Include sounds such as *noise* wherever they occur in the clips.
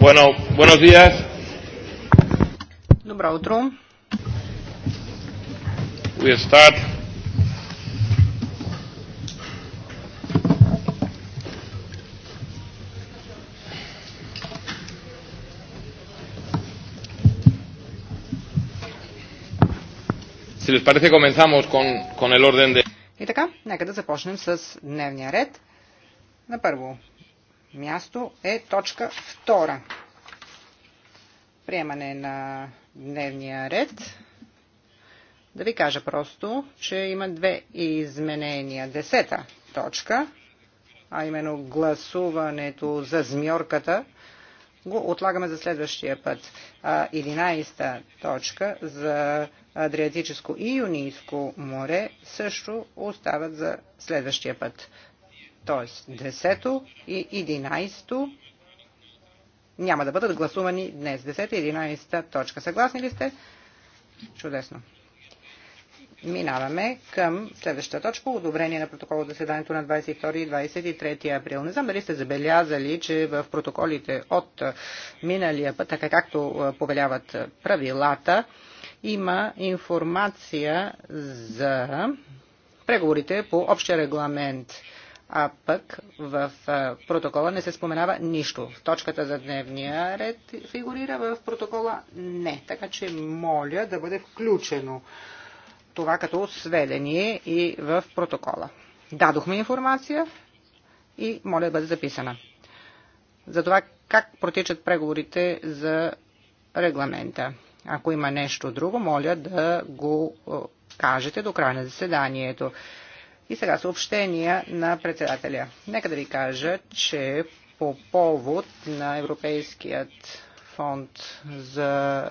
Bueno, buenos días. Добро утро. We start. Si les parece, comenzamos con, con el orden de... И така, нека да започнем с дневния ред. На първо място е точка 2. Приемане на дневния ред. Да ви кажа просто, че има две изменения. Десета точка, а именно гласуването за змьорката, го отлагаме за следващия път. 11 точка за Адриатическо и Юнийско море също остават за следващия път т.е. 10 и 11 няма да бъдат гласувани днес. 10 и 11 точка. Съгласни ли сте? Чудесно. Минаваме към следващата точка. Одобрение на протокол от заседанието на 22 и 23 април. Не знам дали сте забелязали, че в протоколите от миналия път, така както повеляват правилата, има информация за преговорите по общия регламент а пък в протокола не се споменава нищо. Точката за дневния ред фигурира в протокола не. Така че моля да бъде включено това като сведение и в протокола. Дадохме информация и моля да бъде записана. За това как протичат преговорите за регламента. Ако има нещо друго, моля да го кажете до края на заседанието. И сега съобщения на председателя. Нека да ви кажа, че по повод на Европейският фонд за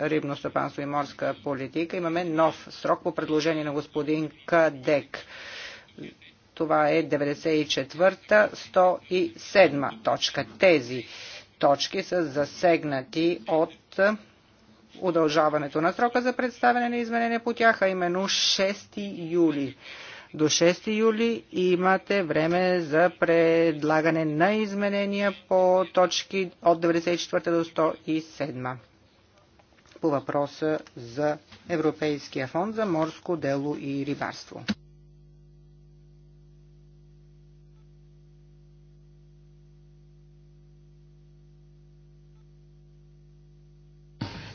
рибно стопанство и морска политика имаме нов срок по предложение на господин Кадек. Това е 94-107 точка. Тези точки са засегнати от удължаването на срока за представяне на изменение по тях, а именно 6 юли до 6 юли и имате време за предлагане на изменения по точки от 94 до 107 по въпроса за Европейския фонд за морско дело и рибарство.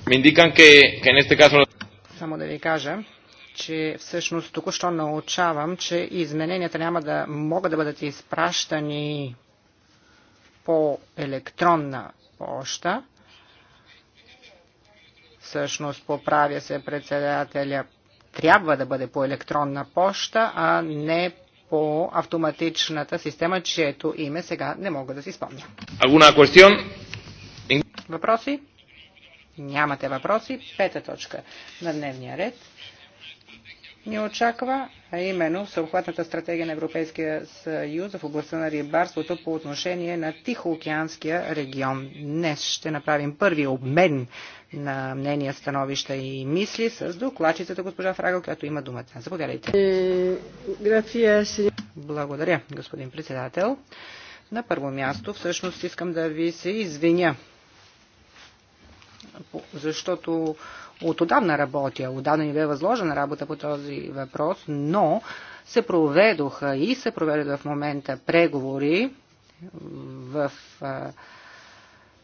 Me indican че в този este Само да ви кажа, че всъщност току-що научавам, че измененията няма да могат да бъдат изпращани по електронна поща. Всъщност поправя се председателя трябва да бъде по електронна поща, а не по автоматичната система, чието име сега не мога да си спомня. Въпроси? Нямате въпроси. Пета точка на дневния ред ни очаква, а именно съобхватната стратегия на Европейския съюз в областта на рибарството по отношение на Тихоокеанския регион. Днес ще направим първи обмен на мнения, становища и мисли с докладчицата госпожа Фрагъл, която има думата. Заповядайте. Е, Благодаря, господин председател. На първо място, всъщност, искам да ви се извиня, защото от отдавна работя, отдавна ми бе възложена работа по този въпрос, но се проведоха и се проведоха в момента преговори в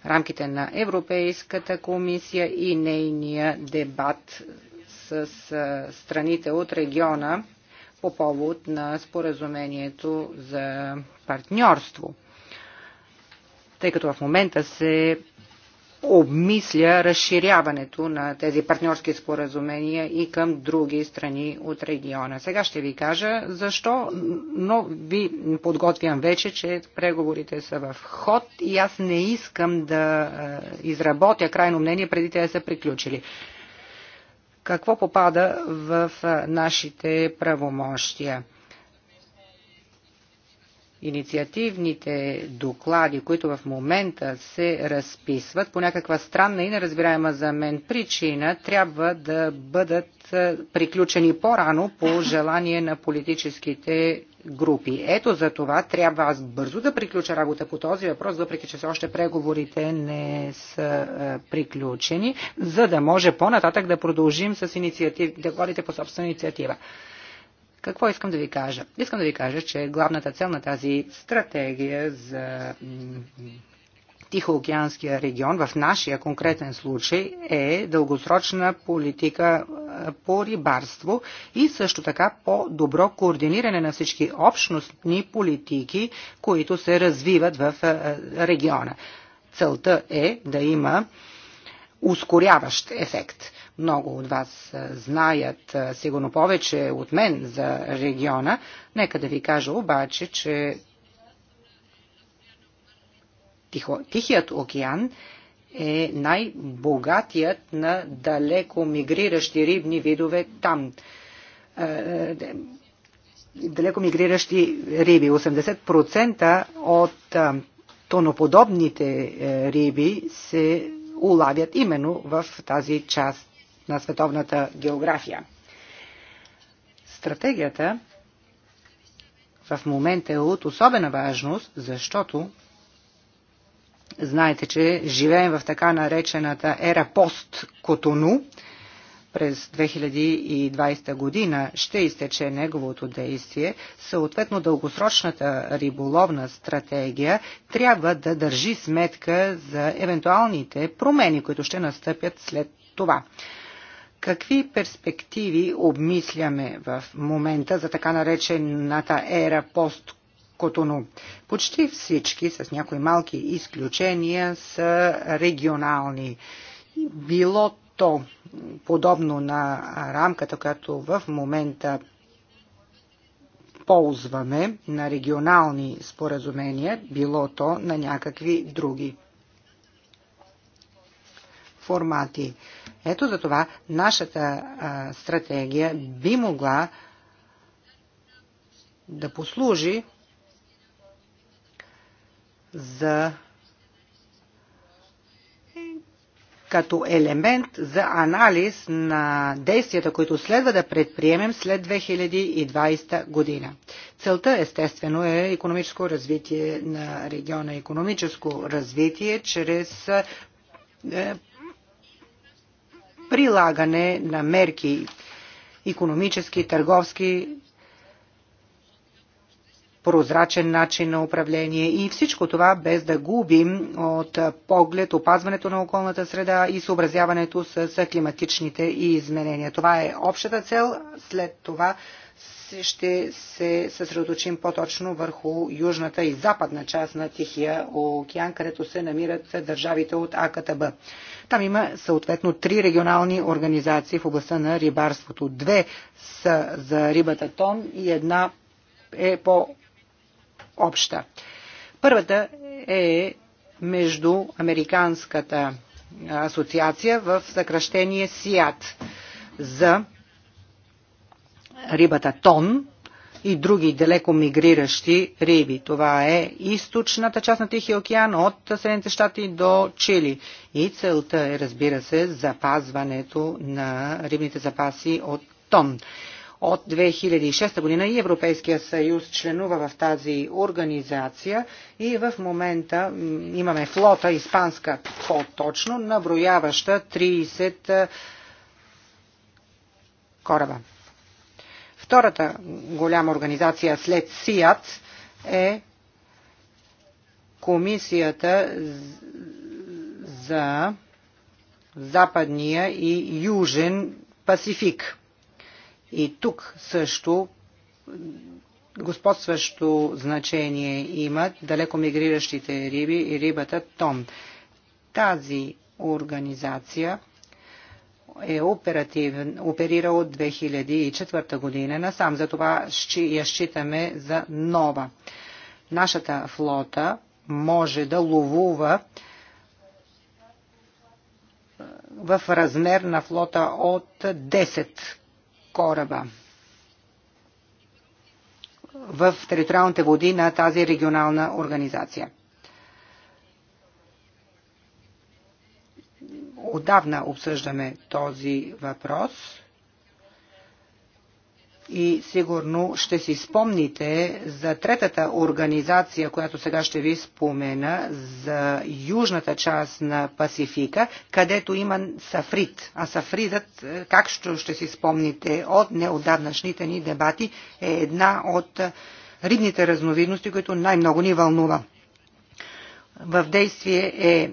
рамките на Европейската комисия и нейния дебат с страните от региона по повод на споразумението за партньорство. Тъй като в момента се обмисля разширяването на тези партньорски споразумения и към други страни от региона. Сега ще ви кажа защо, но ви подготвям вече, че преговорите са в ход и аз не искам да е, изработя крайно мнение преди те да са приключили. Какво попада в е, нашите правомощия? инициативните доклади, които в момента се разписват по някаква странна и неразбираема за мен причина, трябва да бъдат е, приключени по-рано по желание на политическите групи. Ето за това трябва аз бързо да приключа работа по този въпрос, въпреки че все още преговорите не са е, приключени, за да може по-нататък да продължим с инициатив, докладите по собствена инициатива. Какво искам да ви кажа? Искам да ви кажа, че главната цел на тази стратегия за Тихоокеанския регион, в нашия конкретен случай, е дългосрочна политика по рибарство и също така по-добро координиране на всички общностни политики, които се развиват в региона. Целта е да има ускоряващ ефект. Много от вас знаят, сигурно повече от мен за региона. Нека да ви кажа обаче, че Тихо, Тихият океан е най-богатият на далеко мигриращи рибни видове там. Далеко мигриращи риби. 80% от тоноподобните е, риби се улавят именно в тази част на световната география. Стратегията в момента е от особена важност, защото знаете, че живеем в така наречената ера пост-Котону. През 2020 година ще изтече неговото действие. Съответно, дългосрочната риболовна стратегия трябва да държи сметка за евентуалните промени, които ще настъпят след това. Какви перспективи обмисляме в момента за така наречената ера пост Котону. Почти всички, с някои малки изключения, са регионални. Било то подобно на рамката, която в момента ползваме на регионални споразумения, било то на някакви други формати. Ето за това нашата а, стратегия би могла да послужи за като елемент за анализ на действията, които следва да предприемем след 2020 година. Целта естествено е економическо развитие на региона, економическо развитие чрез е, прилагане на мерки економически, търговски, прозрачен начин на управление и всичко това без да губим от поглед опазването на околната среда и съобразяването с климатичните изменения. Това е общата цел. След това ще се съсредоточим по-точно върху южната и западна част на Тихия океан, където се намират държавите от АКТБ. Там има съответно три регионални организации в областта на рибарството. Две са за рибата тон и една е по-обща. Първата е между Американската асоциация в съкръщение СИАТ за рибата тон и други далеко мигриращи риби. Това е източната част на Тихия океан от Съединените щати до Чили. И целта е, разбира се, запазването на рибните запаси от тон. От 2006 година и Европейския съюз членува в тази организация и в момента имаме флота, испанска по-точно, наброяваща 30 кораба. Втората голяма организация след СИАТ е Комисията за Западния и Южен Пасифик. И тук също господстващо значение имат далеко мигриращите риби и рибата тон. Тази организация е оперативен, оперира от 2004 година насам. Затова я считаме за нова. Нашата флота може да ловува е, в размер на флота от 10 кораба в териториалните води на тази регионална организация. отдавна обсъждаме този въпрос и сигурно ще си спомните за третата организация, която сега ще ви спомена, за южната част на Пасифика, където има сафрит. А сафридът, е, как ще, ще си спомните от неодавнашните ни дебати, е една от е, рибните разновидности, които най-много ни вълнува. В действие е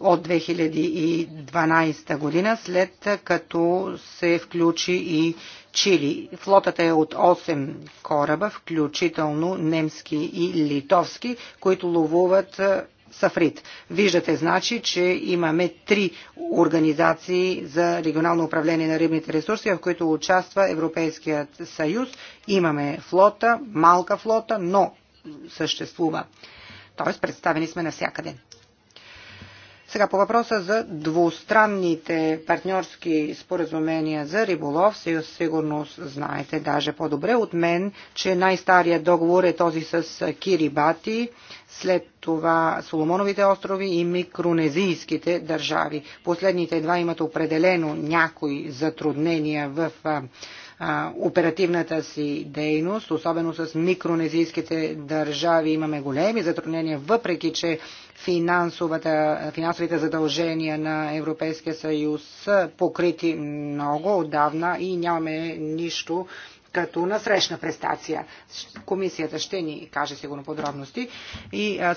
от 2012 година, след като се включи и Чили. Флотата е от 8 кораба, включително немски и литовски, които ловуват Сафрит. Виждате, значи, че имаме три организации за регионално управление на рибните ресурси, в които участва Европейският съюз. Имаме флота, малка флота, но съществува. Тоест, представени сме навсякъде. Сега по въпроса за двустранните партньорски споразумения за риболов, съюз сигурност знаете даже по-добре от мен, че най-старият договор е този с Кирибати, след това Соломоновите острови и микронезийските държави. Последните два имат определено някои затруднения в оперативната си дейност, особено с микронезийските държави имаме големи затруднения, въпреки че финансовите задължения на Европейския съюз са покрити много отдавна и нямаме нищо като насрещна престация. Комисията ще ни каже сигурно подробности. И а,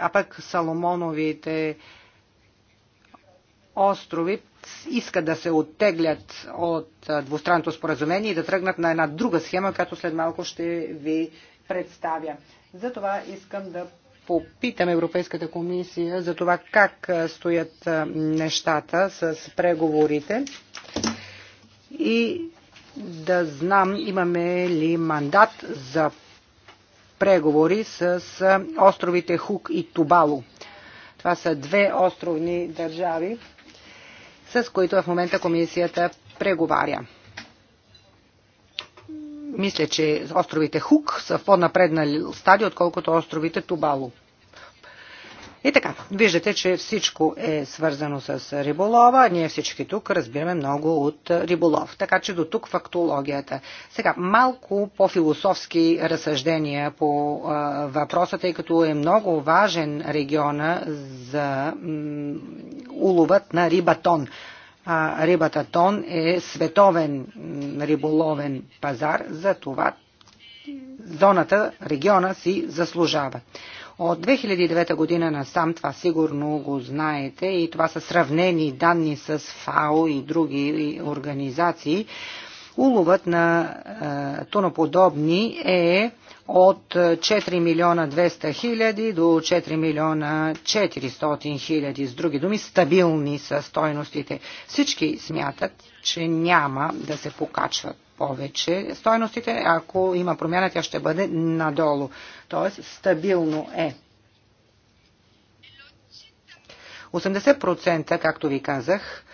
а пък Саломоновите острови искат да се оттеглят от двустранното споразумение и да тръгнат на една друга схема, която след малко ще ви представя. Затова искам да попитам Европейската комисия за това как стоят нещата с преговорите и да знам имаме ли мандат за преговори с островите Хук и Тубало. Това са две островни държави, с които в момента комисията преговаря. Мисля, че островите Хук са в по-напреднал стадия, отколкото островите Тубало. И така, виждате, че всичко е свързано с риболова. Ние всички тук разбираме много от риболов. Така че до тук фактологията. Сега, малко по-философски разсъждения по а, въпроса, тъй като е много важен региона за м, уловът на рибатон. А рибата тон е световен риболовен пазар, за това зоната, региона си заслужава. От 2009 година насам, това сигурно го знаете, и това са сравнени данни с ФАО и други организации, уловът на е, туноподобни е от 4 милиона 200 хиляди до 4 милиона 400 хиляди. С други думи, стабилни са стойностите. Всички смятат, че няма да се покачват повече стойностите. Ако има промяна, тя ще бъде надолу. Тоест, стабилно е. 80%, както ви казах,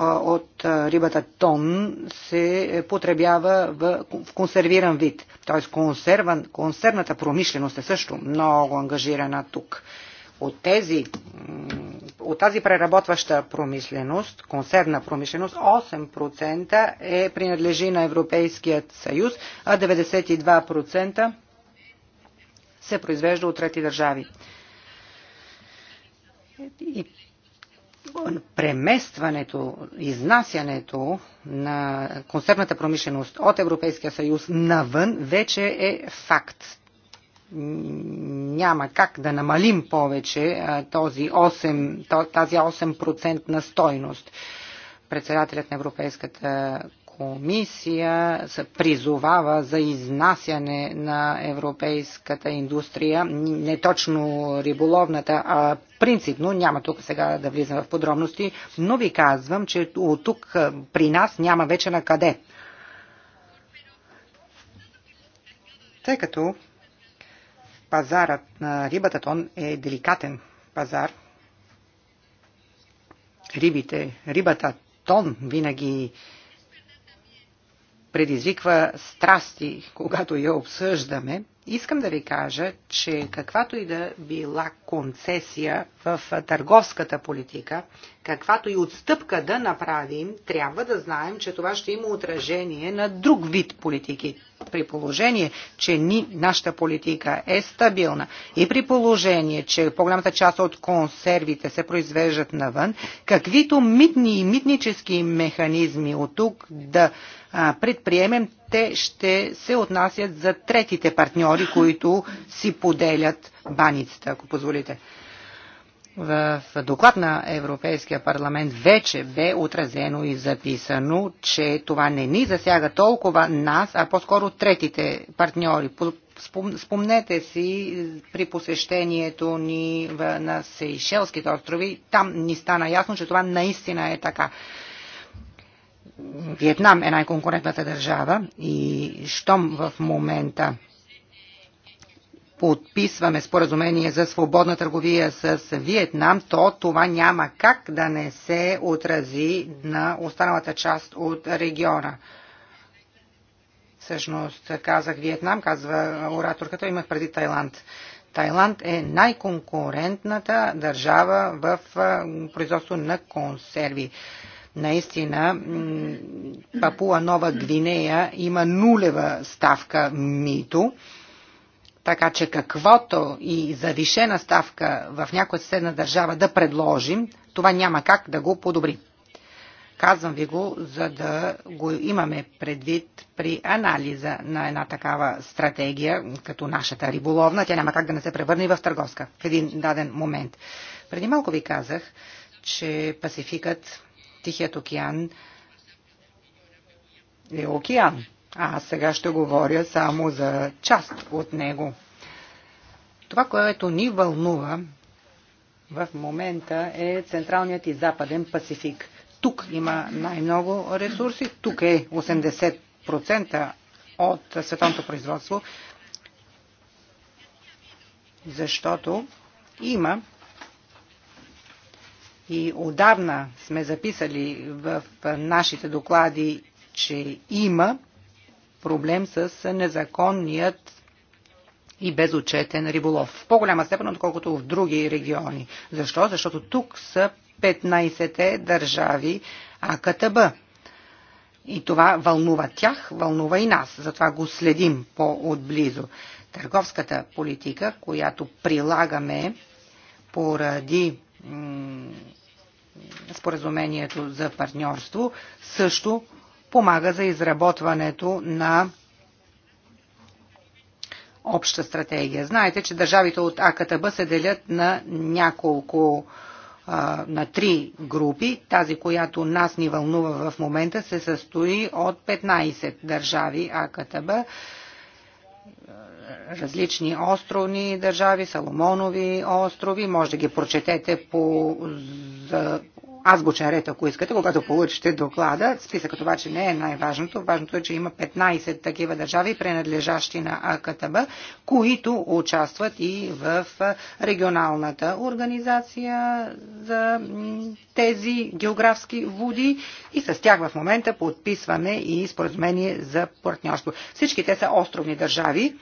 от рибата тон се потребява в консервиран вид. Т.е. консервната промишленост е също много ангажирана тук от тези от тази преработваща промишленост, консервна промишленост, 8% е принадлежи на Европейският съюз, а 92% се произвежда от трети държави. И преместването, изнасянето на консервната промишленост от Европейския съюз навън вече е факт няма как да намалим повече този 8, тази 8% на стойност. Председателят на Европейската комисия се призовава за изнасяне на европейската индустрия, не точно риболовната, а принципно, няма тук сега да влизам в подробности, но ви казвам, че от тук при нас няма вече на къде. Тъй като пазарът на рибата, он е деликатен пазар. Рибите, рибата тон винаги предизвиква страсти, когато я обсъждаме. Искам да ви кажа, че каквато и да била концесия в търговската политика, каквато и отстъпка да направим, трябва да знаем, че това ще има отражение на друг вид политики. При положение, че ни, нашата политика е стабилна и при положение, че по-голямата част от консервите се произвеждат навън, каквито митни и митнически механизми от тук да а, предприемем, те ще се отнасят за третите партньори, които си поделят баницата, ако позволите в доклад на Европейския парламент вече бе отразено и записано, че това не ни засяга толкова нас, а по-скоро третите партньори. Спомнете си при посещението ни на Сейшелските острови, там ни стана ясно, че това наистина е така. Виетнам е най-конкурентната държава и щом в момента подписваме споразумение за свободна търговия с Виетнам, то това няма как да не се отрази на останалата част от региона. Всъщност казах Виетнам, казва ораторката, имах преди Тайланд. Тайланд е най-конкурентната държава в производство на консерви. Наистина, Папуа Нова Гвинея има нулева ставка мито така че каквото и завишена ставка в някоя съседна държава да предложим, това няма как да го подобри. Казвам ви го, за да го имаме предвид при анализа на една такава стратегия, като нашата риболовна. Тя няма как да не се превърне и в търговска в един даден момент. Преди малко ви казах, че Пасификът, Тихият океан е океан. А аз сега ще говоря само за част от него. Това, което ни вълнува в момента е Централният и Западен Пасифик. Тук има най-много ресурси, тук е 80% от световното производство, защото има и отдавна сме записали в нашите доклади, че има проблем с незаконният и безучетен риболов. В по-голяма степен, отколкото в други региони. Защо? Защото тук са 15-те държави АКТБ. И това вълнува тях, вълнува и нас. Затова го следим по-отблизо. Търговската политика, която прилагаме поради споразумението за партньорство, също помага за изработването на обща стратегия. Знаете, че държавите от АКТБ се делят на няколко на три групи. Тази, която нас ни вълнува в момента, се състои от 15 държави АКТБ, различни островни държави, Саломонови острови. Може да ги прочетете по аз го чарете, ако искате, когато получите доклада. Списъкът обаче не е най-важното. Важното е, че има 15 такива държави, принадлежащи на АКТБ, които участват и в регионалната организация за тези географски води и с тях в момента подписваме и споразумение за партньорство. Всички те са островни държави.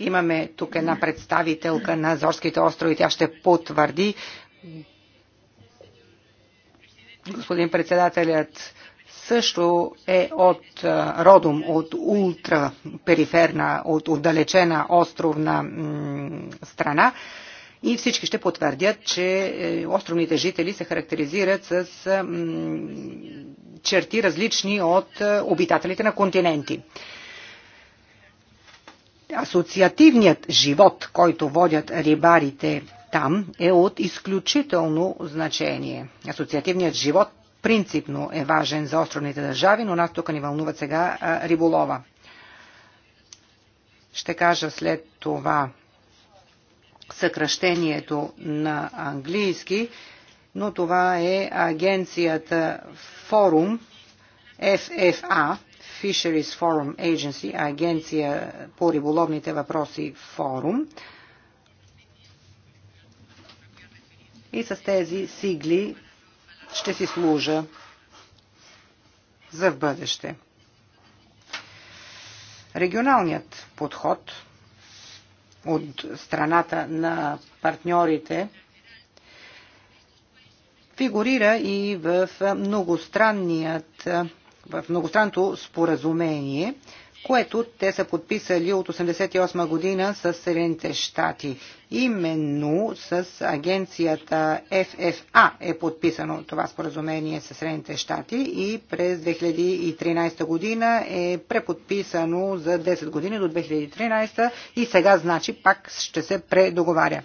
Имаме тук една представителка на Зорските острови. Тя ще потвърди господин председателят също е от родом, от ултра периферна, от отдалечена островна страна. И всички ще потвърдят, че е, островните жители се характеризират с черти различни от е, обитателите на континенти. Асоциативният живот, който водят рибарите там е от изключително значение. Асоциативният живот принципно е важен за островните държави, но нас тук ни вълнуват сега риболова. Ще кажа след това съкръщението на английски, но това е агенцията Форум, FFA, Fisheries Forum Agency, агенция по риболовните въпроси Форум. И с тези сигли ще си служа за в бъдеще. Регионалният подход от страната на партньорите фигурира и в многостранният в многостранното споразумение което те са подписали от 1988 година с Съединените щати. Именно с агенцията FFA е подписано това споразумение с Съединените щати и през 2013 година е преподписано за 10 години до 2013 и сега значи пак ще се предоговаря.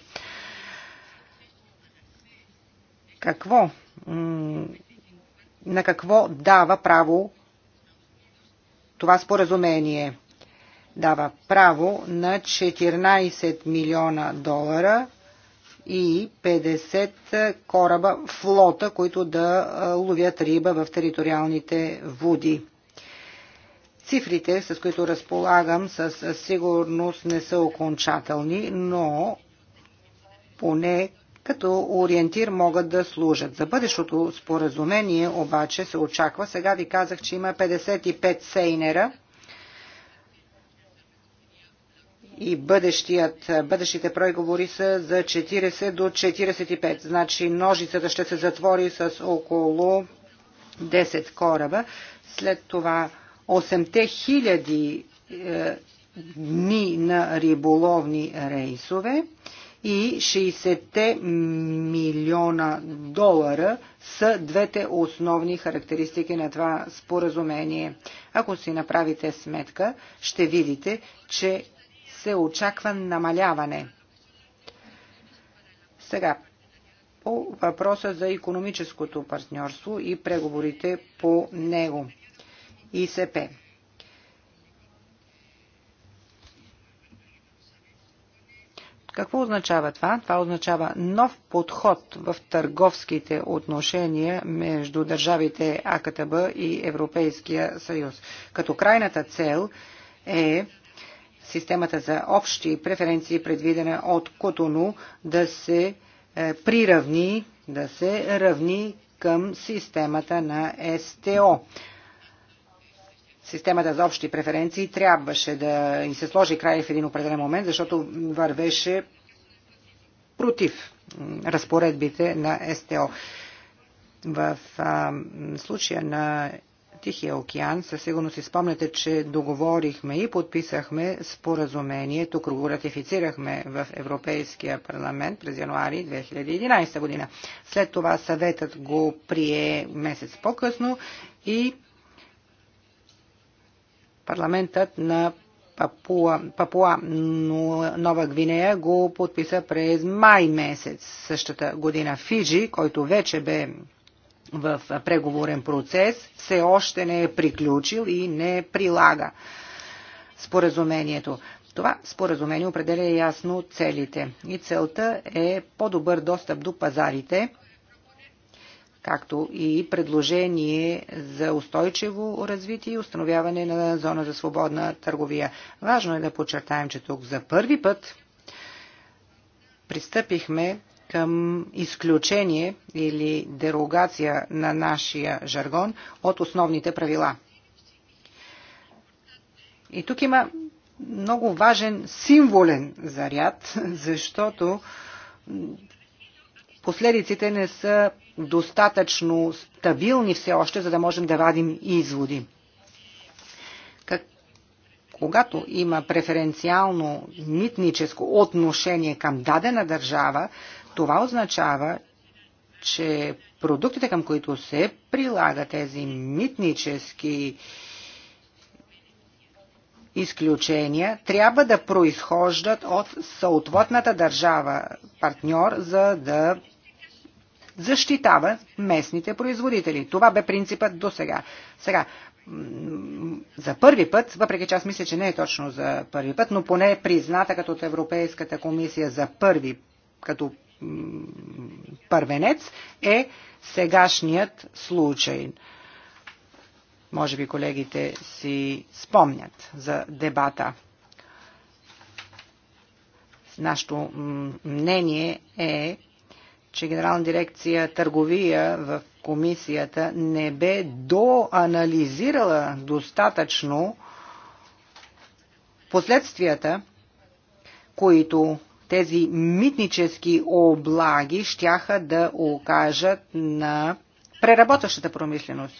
Какво? На какво дава право това споразумение дава право на 14 милиона долара и 50 кораба флота, които да ловят риба в териториалните води. Цифрите, с които разполагам, със сигурност не са окончателни, но поне като ориентир могат да служат. За бъдещото споразумение обаче се очаква, сега ви казах, че има 55 сейнера и бъдещият, бъдещите преговори са за 40 до 45. Значи ножицата ще се затвори с около 10 кораба. След това 8-те хиляди е, дни на риболовни рейсове и 60 милиона долара са двете основни характеристики на това споразумение. Ако си направите сметка, ще видите, че се очаква намаляване. Сега, по въпроса за економическото партньорство и преговорите по него. ИСП. Какво означава това? Това означава нов подход в търговските отношения между държавите АКТБ и Европейския съюз. Като крайната цел е системата за общи преференции, предвидена от Котону, да се е, приравни, да се равни към системата на СТО системата за общи преференции трябваше да и се сложи край в един определен момент, защото вървеше против разпоредбите на СТО. В а, случая на Тихия океан, със сигурност си спомняте, че договорихме и подписахме споразумение. Тук го ратифицирахме в Европейския парламент през януари 2011 година. След това съветът го прие месец по-късно и Парламентът на Папуа, Папуа Нова Гвинея го подписа през май месец същата година. Фиджи, който вече бе в преговорен процес, все още не е приключил и не прилага споразумението. Това споразумение определя ясно целите и целта е по-добър достъп до пазарите – както и предложение за устойчиво развитие и установяване на зона за свободна търговия. Важно е да подчертаем, че тук за първи път пристъпихме към изключение или дерогация на нашия жаргон от основните правила. И тук има много важен символен заряд, *laughs* защото последиците не са достатъчно стабилни все още, за да можем да вадим изводи. Как, когато има преференциално митническо отношение към дадена държава, това означава, че продуктите, към които се прилага тези митнически изключения, трябва да произхождат от съответната държава партньор, за да защитава местните производители. Това бе принципът до сега. Сега, за първи път, въпреки че аз мисля, че не е точно за първи път, но поне е призната като от Европейската комисия за първи, като първенец, е сегашният случай. Може би колегите си спомнят за дебата. Нашето мнение е, че Генерална дирекция търговия в комисията не бе доанализирала достатъчно последствията, които тези митнически облаги щяха да окажат на преработващата промишленост.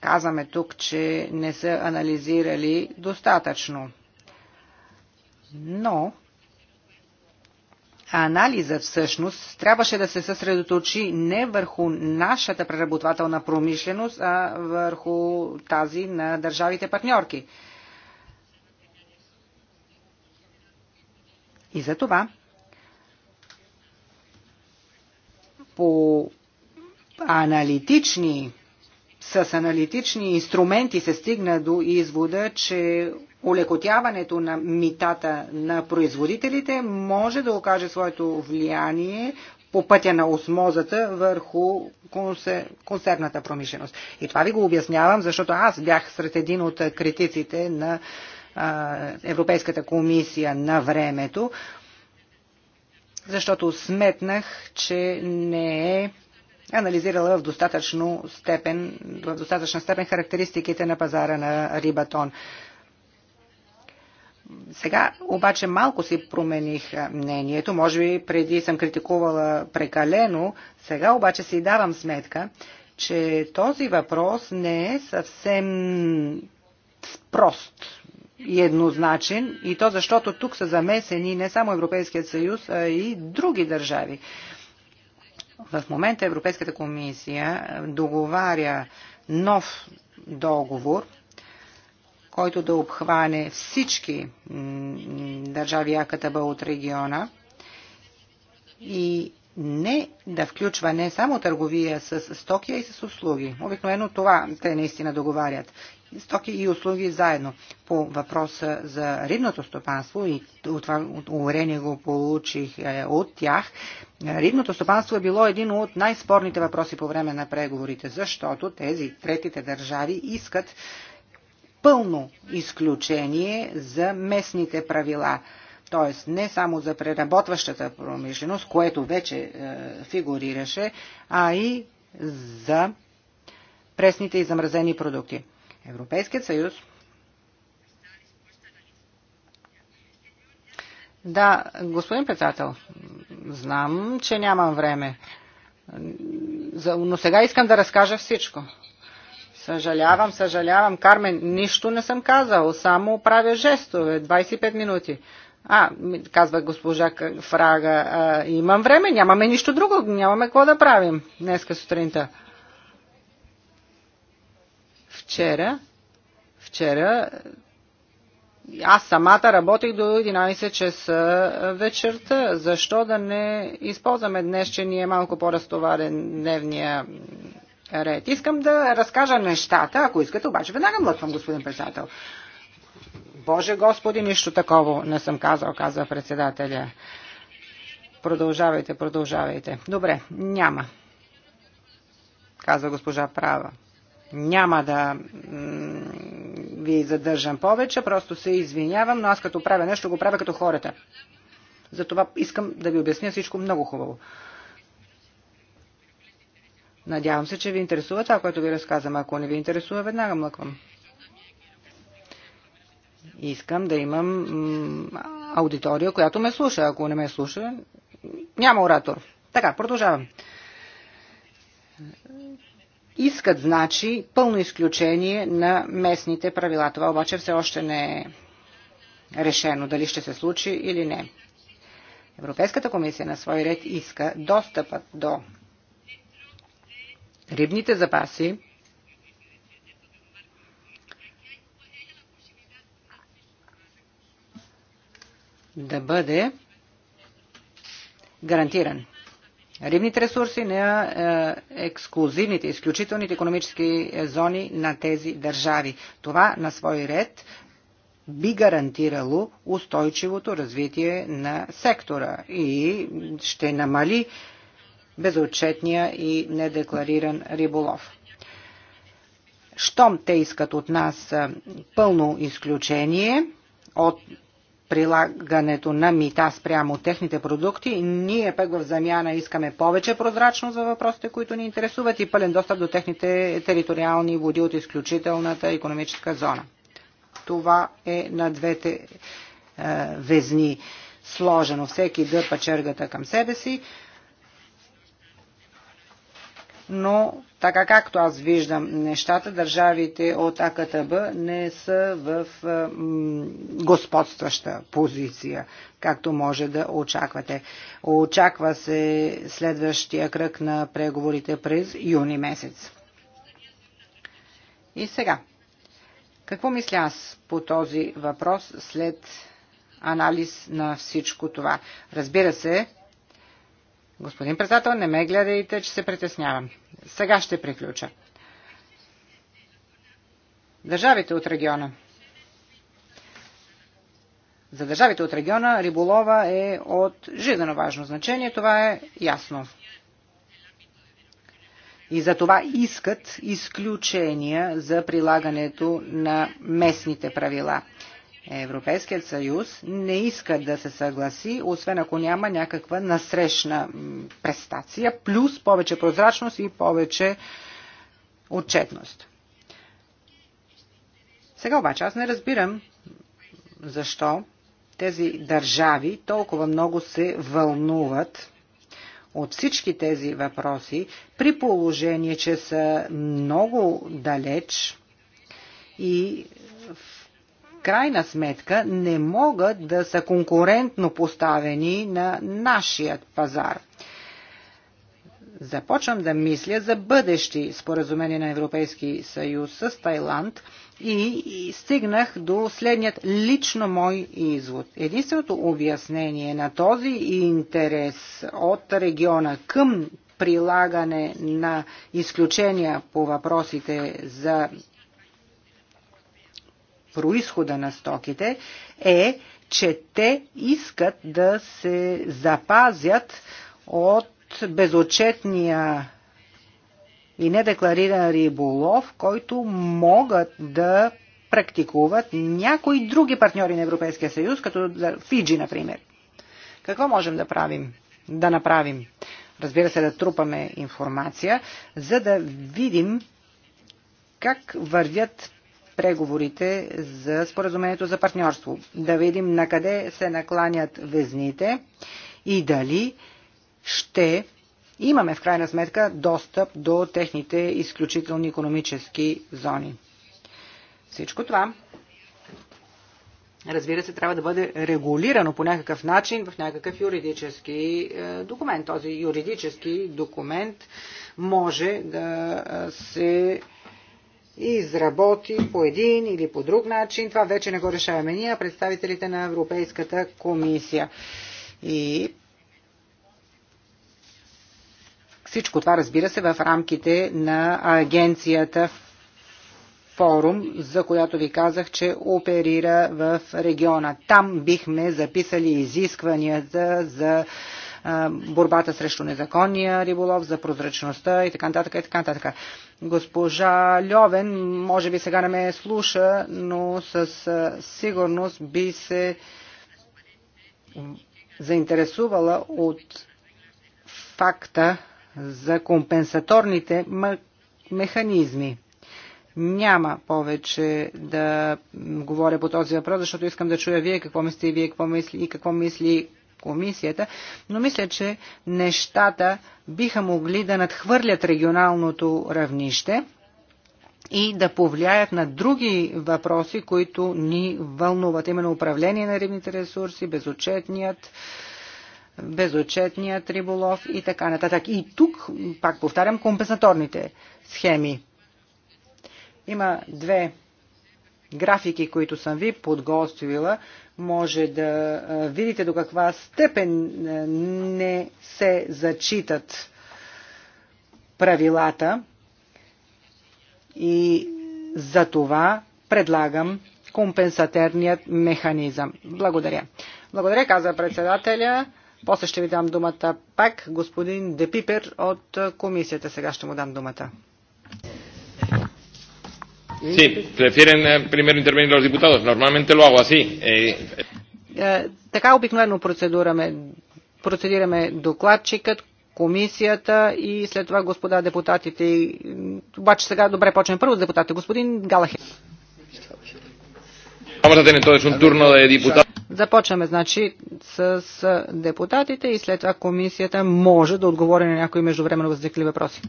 Казваме тук, че не са анализирали достатъчно. Но анализа всъщност трябваше да се съсредоточи не върху нашата преработвателна промишленост, а върху тази на държавите партньорки. И за това по аналитични, с аналитични инструменти се стигна до извода, че Олекотяването на митата на производителите може да окаже своето влияние по пътя на осмозата върху консервната промишленост. И това ви го обяснявам, защото аз бях сред един от критиците на Европейската комисия на времето, защото сметнах, че не е анализирала в, достатъчно степен, в достатъчна степен характеристиките на пазара на рибатон. Сега обаче малко си промених мнението. Може би преди съм критикувала прекалено, сега обаче си давам сметка, че този въпрос не е съвсем прост и еднозначен, и то защото тук са замесени не само Европейският съюз, а и други държави. В момента Европейската комисия договаря нов договор – който да обхване всички държави АКТБ от региона и не да включва не само търговия с стоки, а и с услуги. Обикновено това те наистина договарят. Стоки и услуги заедно. По въпроса за рибното стопанство, и това уверение го получих е, от тях, рибното стопанство е било един от най-спорните въпроси по време на преговорите, защото тези третите държави искат пълно изключение за местните правила. Т.е. не само за преработващата промишленост, което вече е, фигурираше, а и за пресните и замразени продукти. Европейският съюз Да, господин председател, знам, че нямам време, но сега искам да разкажа всичко. Съжалявам, съжалявам. Кармен, нищо не съм казал, само правя жестове. 25 минути. А, казва госпожа Фрага, а, имам време, нямаме нищо друго, нямаме какво да правим днеска сутринта. Вчера, вчера аз самата работих до 11 часа вечерта. Защо да не използваме днес, че ни е малко по-разтоварен дневния ред. Искам да разкажа нещата, ако искате, обаче веднага млъквам, господин председател. Боже Господи, нищо такова не съм казал, каза председателя. Продължавайте, продължавайте. Добре, няма, каза госпожа Права. Няма да ви задържам повече, просто се извинявам, но аз като правя нещо, го правя като хората. Затова искам да ви обясня всичко много хубаво. Надявам се, че ви интересува това, което ви разказвам. Ако не ви интересува, веднага млъквам. Искам да имам аудитория, която ме слуша. Ако не ме слуша, няма оратор. Така, продължавам. Искат, значи, пълно изключение на местните правила. Това обаче все още не е решено дали ще се случи или не. Европейската комисия на свой ред иска достъпът до рибните запаси да бъде гарантиран. Рибните ресурси на ексклюзивните, изключителните економически е, зони на тези държави. Това на свой ред би гарантирало устойчивото развитие на сектора и ще намали безотчетния и недеклариран риболов. Щом те искат от нас пълно изключение от прилагането на мита спрямо техните продукти, ние пък в замяна искаме повече прозрачност за въпросите, които ни интересуват и пълен достъп до техните териториални води от изключителната економическа зона. Това е на двете е, везни сложено. Всеки дърпа чергата към себе си, но така както аз виждам нещата, държавите от АКТБ не са в господстваща позиция, както може да очаквате. Очаква се следващия кръг на преговорите през юни месец. И сега, какво мисля аз по този въпрос след анализ на всичко това? Разбира се, Господин председател, не ме гледайте, че се притеснявам. Сега ще приключа. Държавите от региона. За държавите от региона риболова е от жизнено важно значение, това е ясно. И за това искат изключения за прилагането на местните правила. Европейският съюз не иска да се съгласи, освен ако няма някаква насрещна престация, плюс повече прозрачност и повече отчетност. Сега обаче аз не разбирам защо тези държави толкова много се вълнуват от всички тези въпроси, при положение, че са много далеч и крайна сметка не могат да са конкурентно поставени на нашият пазар. Започвам да мисля за бъдещи споразумения на Европейски съюз с Тайланд и стигнах до следният лично мой извод. Единственото обяснение на този интерес от региона към прилагане на изключения по въпросите за происхода на стоките е, че те искат да се запазят от безотчетния и недеклариран риболов, който могат да практикуват някои други партньори на Европейския съюз, като Фиджи, например. Какво можем да правим? Да направим. Разбира се, да трупаме информация, за да видим как вървят преговорите за споразумението за партньорство. Да видим на къде се накланят везните и дали ще имаме в крайна сметка достъп до техните изключителни економически зони. Всичко това, разбира се, трябва да бъде регулирано по някакъв начин в някакъв юридически е, документ. Този юридически документ може да е, се и изработи по един или по друг начин. Това вече не го решаваме ние, а представителите на Европейската комисия. И всичко това разбира се в рамките на агенцията форум, за която ви казах, че оперира в региона. Там бихме записали изискванията за борбата срещу незаконния риболов, за прозрачността и така нататък. И така нататък. Госпожа Льовен, може би сега не ме слуша, но със сигурност би се заинтересувала от факта за компенсаторните механизми. Няма повече да говоря по този въпрос, защото искам да чуя вие какво мислите и вие какво мисли и какво мисли комисията, но мисля, че нещата биха могли да надхвърлят регионалното равнище и да повлияят на други въпроси, които ни вълнуват. Именно управление на рибните ресурси, безотчетният безотчетният риболов и така нататък. И тук, пак повтарям, компенсаторните схеми. Има две графики, които съм ви подготвила, може да видите до каква степен не се зачитат правилата и за това предлагам компенсатерният механизъм. Благодаря. Благодаря, каза председателя. После ще ви дам думата пак. Господин Депипер от комисията сега ще му дам думата. Sí, prefieren eh, primero intervenir los diputados. Normalmente lo hago así. Eh, е, така обикновено процедураме, процедираме докладчикът, комисията и след това господа депутатите. Обаче сега добре почнем първо с депутатите. Господин Галахе. Започваме, значи, с депутатите и след това комисията може да отговори на някои междувременно възникли въпроси.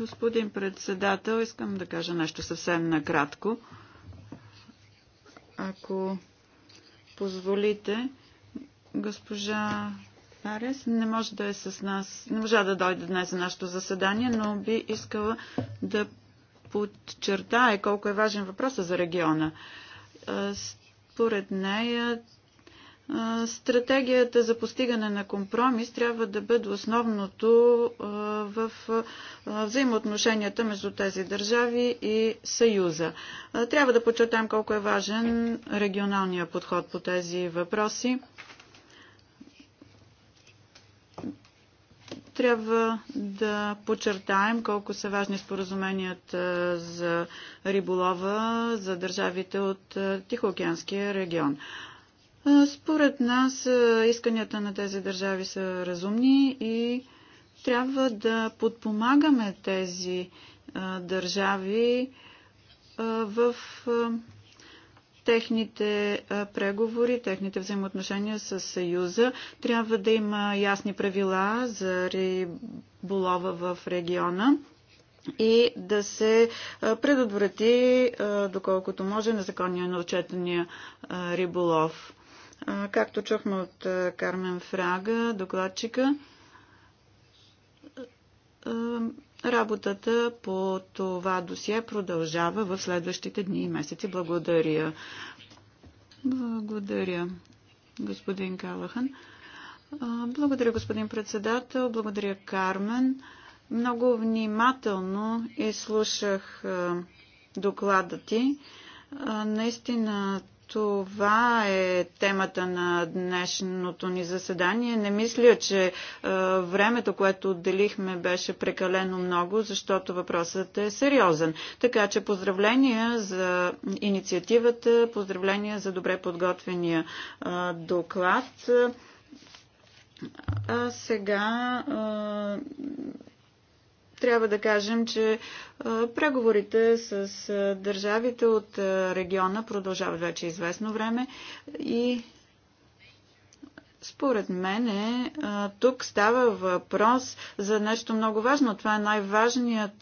Господин председател, искам да кажа нещо съвсем накратко. Ако позволите, госпожа Арес не може да е с нас, не можа да дойде днес за нашето заседание, но би искала да подчертае колко е важен въпросът за региона. Според нея Стратегията за постигане на компромис трябва да бъде основното в взаимоотношенията между тези държави и Съюза. Трябва да подчертаем колко е важен регионалния подход по тези въпроси. Трябва да подчертаем колко са важни споразуменията за риболова за държавите от Тихоокеанския регион. Според нас исканията на тези държави са разумни и трябва да подпомагаме тези държави в техните преговори, техните взаимоотношения с Съюза. Трябва да има ясни правила за риболова в региона и да се предотврати, доколкото може, незаконния отчетения риболов. Както чухме от Кармен Фрага, докладчика, Работата по това досие продължава в следващите дни и месеци. Благодаря. Благодаря, господин Калахан. Благодаря, господин председател. Благодаря, Кармен. Много внимателно изслушах доклада ти. Наистина това е темата на днешното ни заседание. Не мисля, че е, времето, което отделихме, беше прекалено много, защото въпросът е сериозен. Така че поздравления за инициативата, поздравления за добре подготвения е, доклад. А сега е, трябва да кажем, че е, преговорите с е, държавите от е, региона продължават вече известно време и според мен тук става въпрос за нещо много важно. Това е най-важният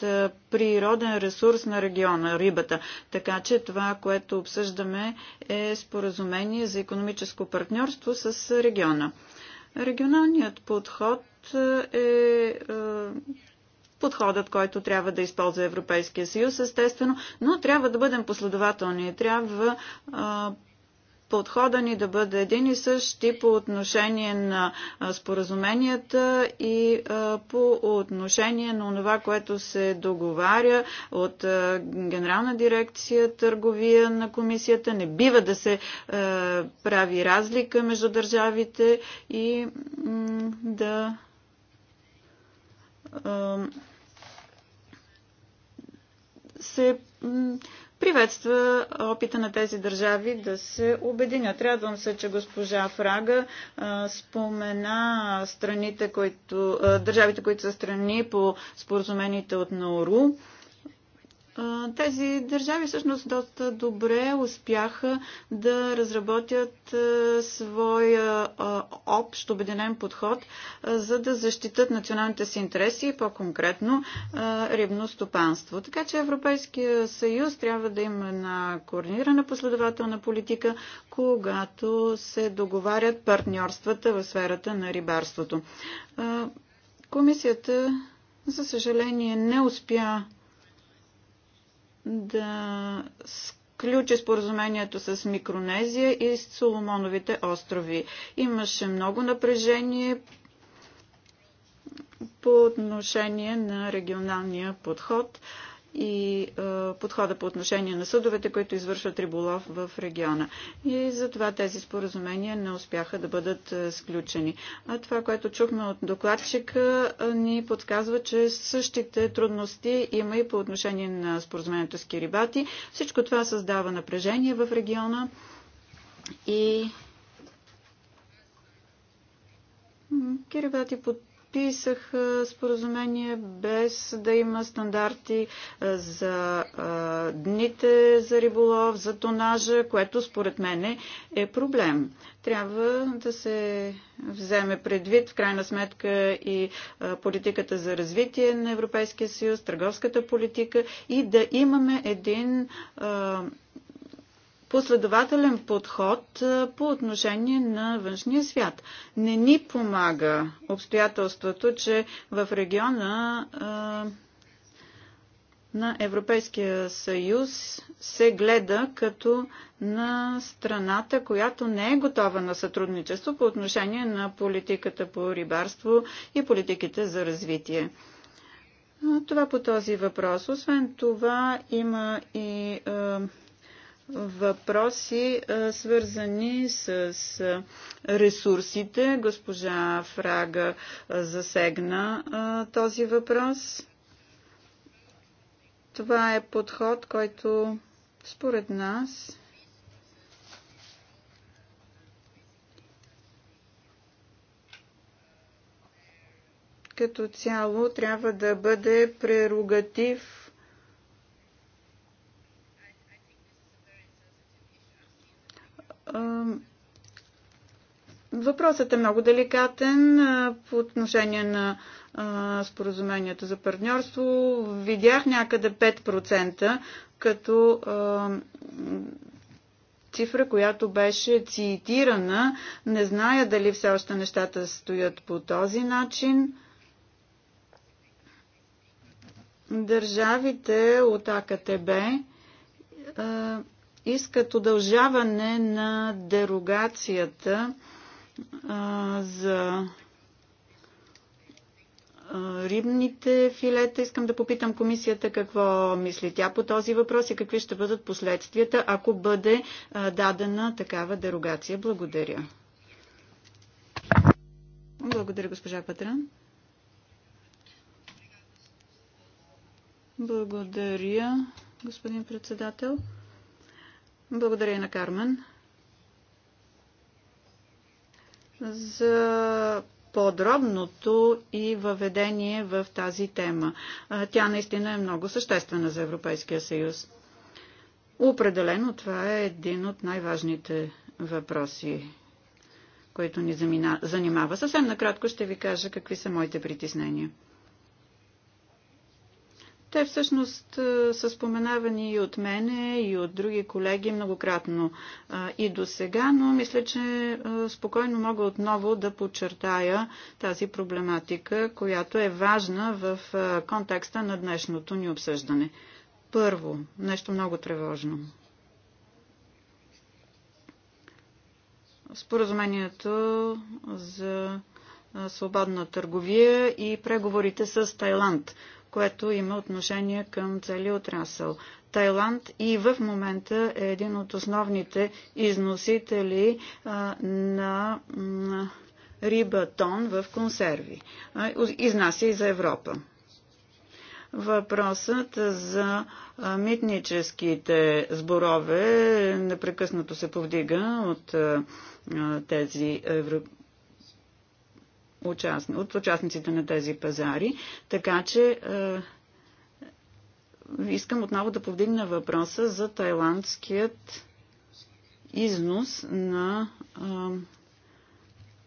природен ресурс на региона – рибата. Така че това, което обсъждаме е споразумение за економическо партньорство с региона. Регионалният подход е подходът, който трябва да използва Европейския съюз, естествено, но трябва да бъдем последователни. Трябва подхода ни да бъде един и същ и по отношение на споразуменията и по отношение на това, което се договаря от Генерална дирекция търговия на комисията. Не бива да се прави разлика между държавите и да се приветства опита на тези държави да се обединят. Радвам се, че госпожа Фрага спомена страните, които, държавите, които са страни по споразумените от Науру тези държави всъщност доста добре успяха да разработят своя общ обединен подход, за да защитат националните си интереси и по-конкретно рибно стопанство. Така че Европейския съюз трябва да има една координирана последователна политика, когато се договарят партньорствата в сферата на рибарството. Комисията, за съжаление, не успя да сключи споразумението с Микронезия и с Соломоновите острови. Имаше много напрежение по отношение на регионалния подход и е, подхода по отношение на съдовете, които извършват риболов в региона. И затова тези споразумения не успяха да бъдат е, сключени. А това, което чухме от докладчика, е, ни подсказва, че същите трудности има и по отношение на споразумението с Кирибати. Всичко това създава напрежение в региона и Кирибати под подписаха споразумение без да има стандарти за дните за риболов, за тонажа, което според мен е проблем. Трябва да се вземе предвид в крайна сметка и политиката за развитие на Европейския съюз, търговската политика и да имаме един последователен подход по отношение на външния свят. Не ни помага обстоятелството, че в региона на Европейския съюз се гледа като на страната, която не е готова на сътрудничество по отношение на политиката по рибарство и политиките за развитие. Това по този въпрос. Освен това има и е, въпроси, свързани с ресурсите. Госпожа Фрага засегна този въпрос. Това е подход, който според нас като цяло трябва да бъде прерогатив Въпросът е много деликатен по отношение на споразумението за партньорство. Видях някъде 5% като цифра, която беше цитирана. Не зная дали все още нещата стоят по този начин. Държавите от АКТБ искат удължаване на дерогацията а, за рибните филета. Искам да попитам комисията какво мисли тя по този въпрос и какви ще бъдат последствията, ако бъде дадена такава дерогация. Благодаря. Благодаря, госпожа Патран. Благодаря, господин председател. Благодаря на Кармен за подробното и въведение в тази тема. Тя наистина е много съществена за Европейския съюз. Определено това е един от най-важните въпроси, които ни занимава. Съвсем накратко ще ви кажа какви са моите притеснения. Те всъщност е, са споменавани и от мене, и от други колеги многократно е, и до сега, но мисля, че е, спокойно мога отново да подчертая тази проблематика, която е важна в контекста на днешното ни обсъждане. Първо, нещо много тревожно. Споразумението за свободна търговия и преговорите с Тайланд което има отношение към цели отрасъл. Тайланд и в момента е един от основните износители на риба тон в консерви. Изнася и за Европа. Въпросът за митническите сборове непрекъснато се повдига от тези европейски участни, от участниците на тези пазари. Така че е, искам отново да повдигна въпроса за тайландският износ на е,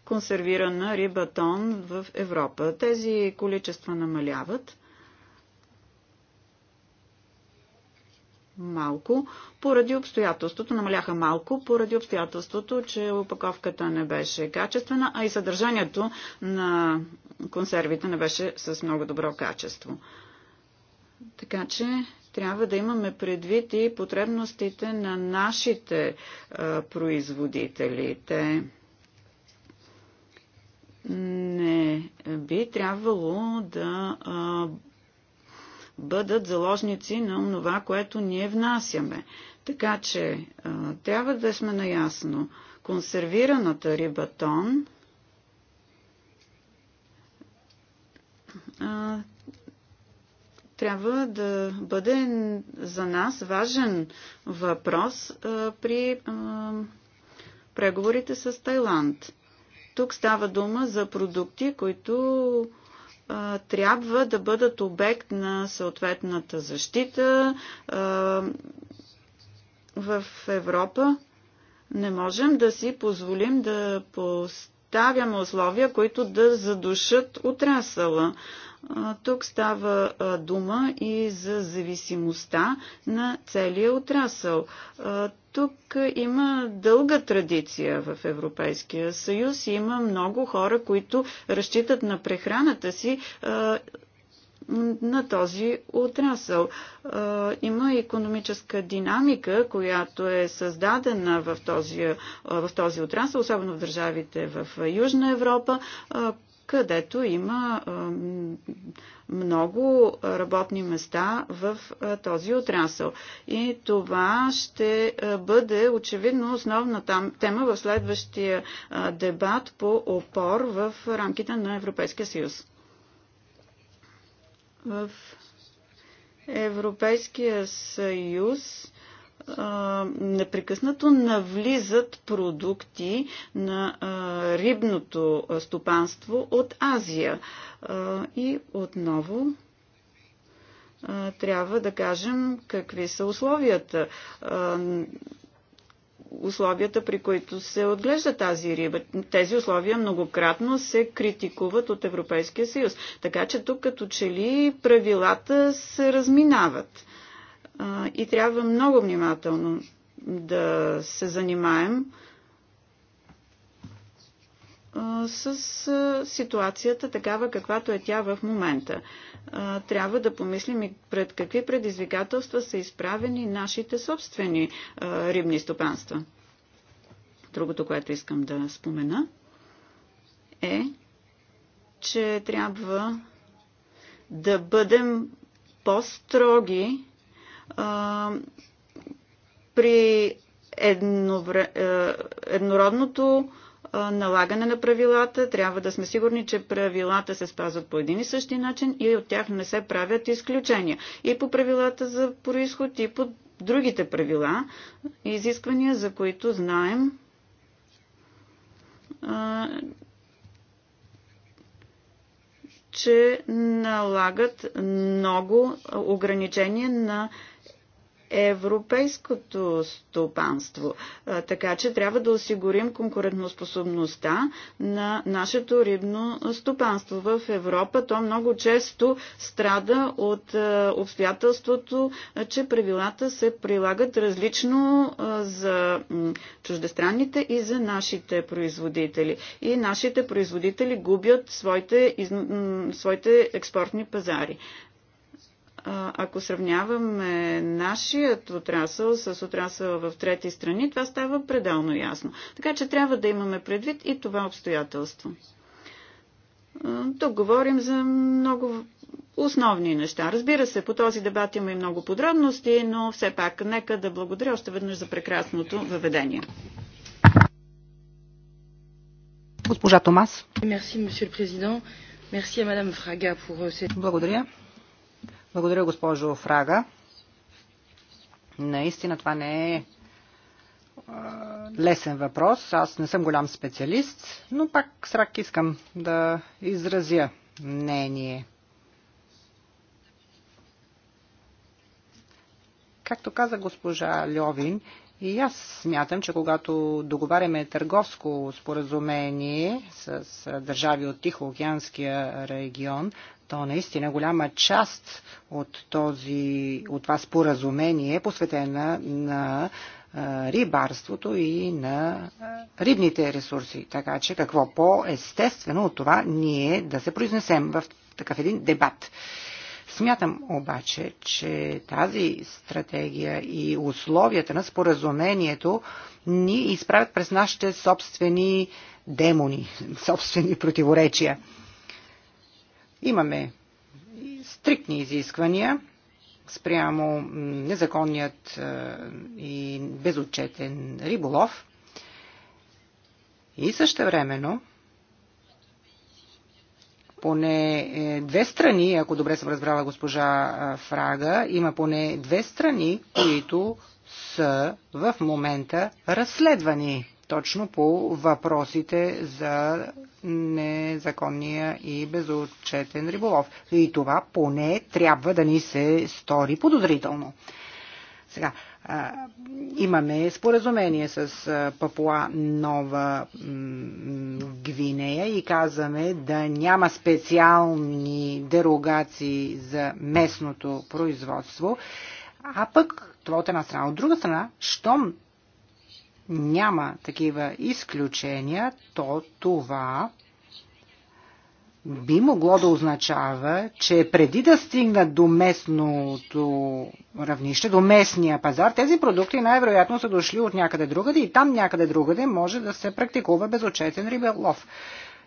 консервирана рибатон в Европа. Тези количества намаляват малко, поради обстоятелството, намаляха малко, поради обстоятелството, че опаковката не беше качествена, а и съдържанието на консервите не беше с много добро качество. Така че трябва да имаме предвид и потребностите на нашите а, е, производители. Те не би трябвало да а, е, бъдат заложници на това, което ние внасяме. Така че а, трябва да сме наясно. Консервираната риба тон а, трябва да бъде за нас важен въпрос а, при а, преговорите с Тайланд. Тук става дума за продукти, които трябва да бъдат обект на съответната защита в Европа. Не можем да си позволим да поставяме условия, които да задушат отрасъла. Тук става дума и за зависимостта на целия отрасъл. Тук има дълга традиция в Европейския съюз и има много хора, които разчитат на прехраната си на този отрасъл. Има економическа динамика, която е създадена в този, в този отрасъл, особено в държавите в Южна Европа, където има много работни места в този отрасъл. И това ще бъде очевидно основна тема в следващия дебат по опор в рамките на Европейския съюз. В Европейския съюз непрекъснато навлизат продукти на рибното стопанство от Азия. и отново трябва да кажем какви са условията. условията, при които се отглежда тази риба. Тези условия многократно се критикуват от Европейския съюз. Така че тук като че ли правилата се разминават и трябва много внимателно да се занимаем с ситуацията такава, каквато е тя в момента. Трябва да помислим и пред какви предизвикателства са изправени нашите собствени рибни стопанства. Другото, което искам да спомена е, че трябва да бъдем по-строги при е, еднородното налагане на правилата, трябва да сме сигурни, че правилата се спазват по един и същи начин и от тях не се правят изключения. И по правилата за происход, и по другите правила и изисквания, за които знаем, че налагат много ограничения на европейското стопанство. Така че трябва да осигурим конкурентоспособността на нашето рибно стопанство. В Европа то много често страда от обстоятелството, че правилата се прилагат различно за чуждестранните и за нашите производители. И нашите производители губят своите, своите експортни пазари ако сравняваме нашият отрасъл с отрасъл в трети страни, това става пределно ясно. Така че трябва да имаме предвид и това обстоятелство. Тук говорим за много основни неща. Разбира се, по този дебат има и много подробности, но все пак нека да благодаря още веднъж за прекрасното въведение. Госпожа Томас. Euh, благодаря. Благодаря, госпожо Фрага. Наистина това не е лесен въпрос. Аз не съм голям специалист, но пак срак искам да изразя мнение. Както каза госпожа Льовин, и аз смятам, че когато договаряме търговско споразумение с държави от Тихоокеанския регион, то наистина голяма част от, този, от това споразумение е посветена на рибарството и на рибните ресурси. Така че какво по-естествено от това ние да се произнесем в такъв един дебат. Смятам обаче, че тази стратегия и условията на споразумението ни изправят през нашите собствени демони, *laughs* собствени противоречия. Имаме стриктни изисквания спрямо незаконният е, и безотчетен риболов и също времено поне е, две страни, ако добре съм разбрала госпожа е, Фрага, има поне две страни, които са в момента разследвани точно по въпросите за незаконния и безотчетен риболов. И това поне трябва да ни се стори подозрително. Сега, а, имаме споразумение с а, Папуа Нова Гвинея и казваме да няма специални дерогации за местното производство, а пък това от една страна. От друга страна, щом няма такива изключения, то това би могло да означава, че преди да стигнат до местното равнище, до местния пазар, тези продукти най-вероятно са дошли от някъде другаде и там някъде другаде може да се практикува безочетен риболов.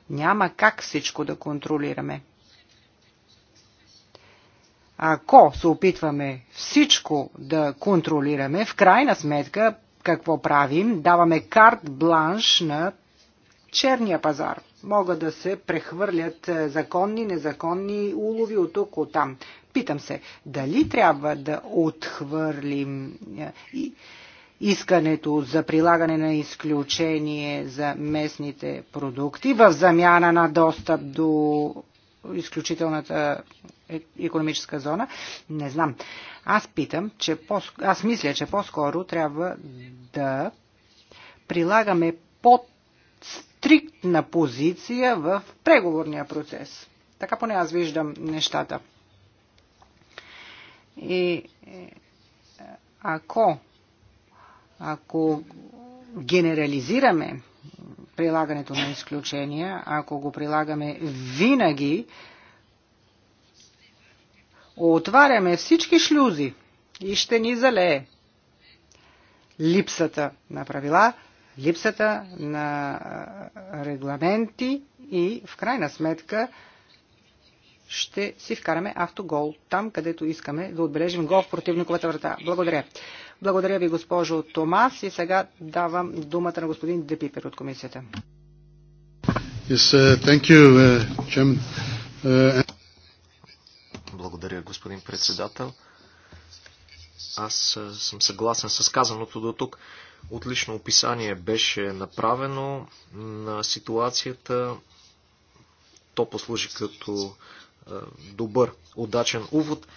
Няма как всичко да контролираме. Ако се опитваме всичко да контролираме, в крайна сметка какво правим? Даваме карт бланш на черния пазар. Могат да се прехвърлят е, законни, незаконни улови от тук, от там. Питам се, дали трябва да отхвърлим е, искането за прилагане на изключение за местните продукти в замяна на достъп до изключителната е, економическа зона? Не знам. Аз питам, че по, аз мисля, че по-скоро трябва да прилагаме по-стриктна позиция в преговорния процес. Така поне аз виждам нещата. И е, ако, ако генерализираме прилагането на изключения, ако го прилагаме винаги, отваряме всички шлюзи и ще ни залее липсата на правила, липсата на регламенти и в крайна сметка ще си вкараме автогол там, където искаме да отбележим гол в противниковата врата. Благодаря. Благодаря ви, госпожо Томас. И сега давам думата на господин Депипер от комисията. Yes, uh, thank you, Uh, uh благодаря, господин председател. Аз uh, съм съгласен с казаното до тук. Отлично описание беше направено на ситуацията. То послужи като добър, удачен увод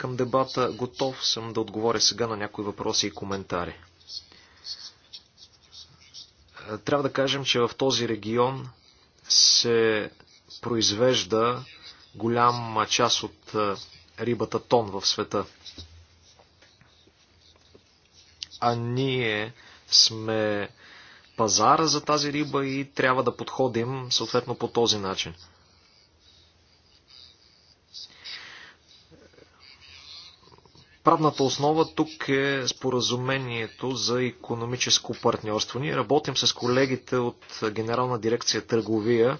към дебата. Готов съм да отговоря сега на някои въпроси и коментари. Е, трябва да кажем, че в този регион се произвежда голяма част от е, рибата тон в света. А ние сме пазара за тази риба и трябва да подходим съответно по този начин. Правната основа тук е споразумението за економическо партньорство. Ние работим с колегите от Генерална дирекция търговия.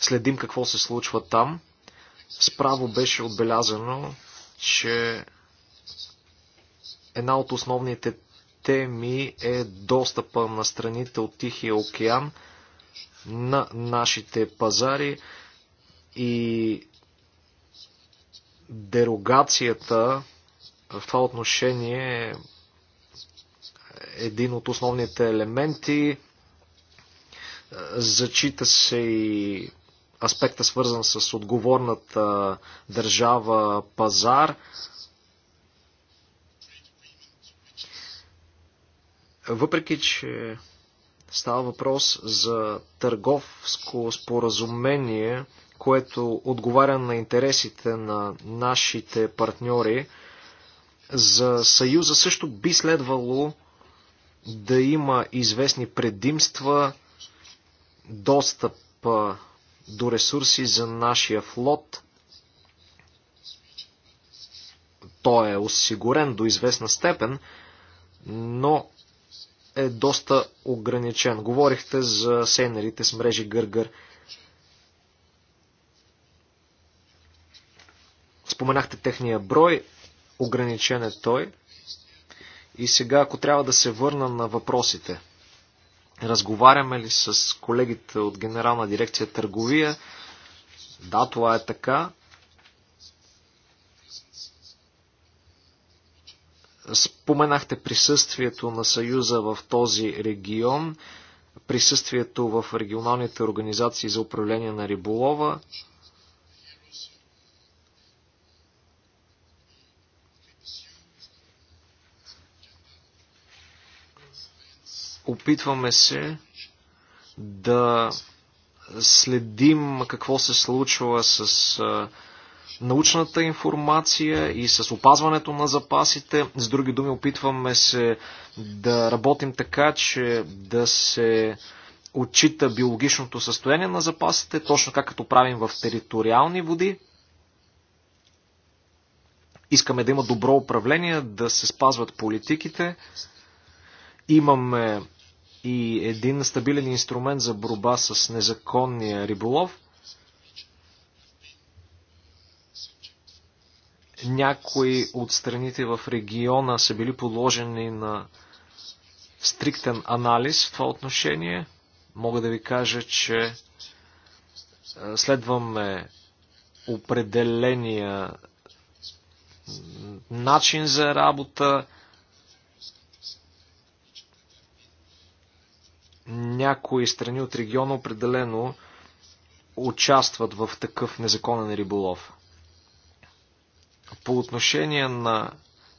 Следим какво се случва там. Справо беше отбелязано, че една от основните теми е достъпа на страните от Тихия океан на нашите пазари и дерогацията в това отношение е един от основните елементи. Зачита се и аспекта свързан с отговорната държава пазар. Въпреки, че става въпрос за търговско споразумение, което отговаря на интересите на нашите партньори, за Съюза също би следвало да има известни предимства, достъп до ресурси за нашия флот. Той е осигурен до известна степен, но е доста ограничен. Говорихте за сейнерите с мрежи Гъргър. -гър. Споменахте техния брой, ограничен е той. И сега, ако трябва да се върна на въпросите, разговаряме ли с колегите от Генерална дирекция търговия? Да, това е така. Споменахте присъствието на Съюза в този регион, присъствието в регионалните организации за управление на риболова. Опитваме се да следим какво се случва с научната информация и с опазването на запасите. С други думи, опитваме се да работим така, че да се отчита биологичното състояние на запасите, точно както правим в териториални води. Искаме да има добро управление, да се спазват политиките. Имаме и един стабилен инструмент за борба с незаконния риболов. Някои от страните в региона са били подложени на стриктен анализ в това отношение. Мога да ви кажа, че е, следваме определения начин за работа, някои страни от региона определено участват в такъв незаконен риболов. По отношение на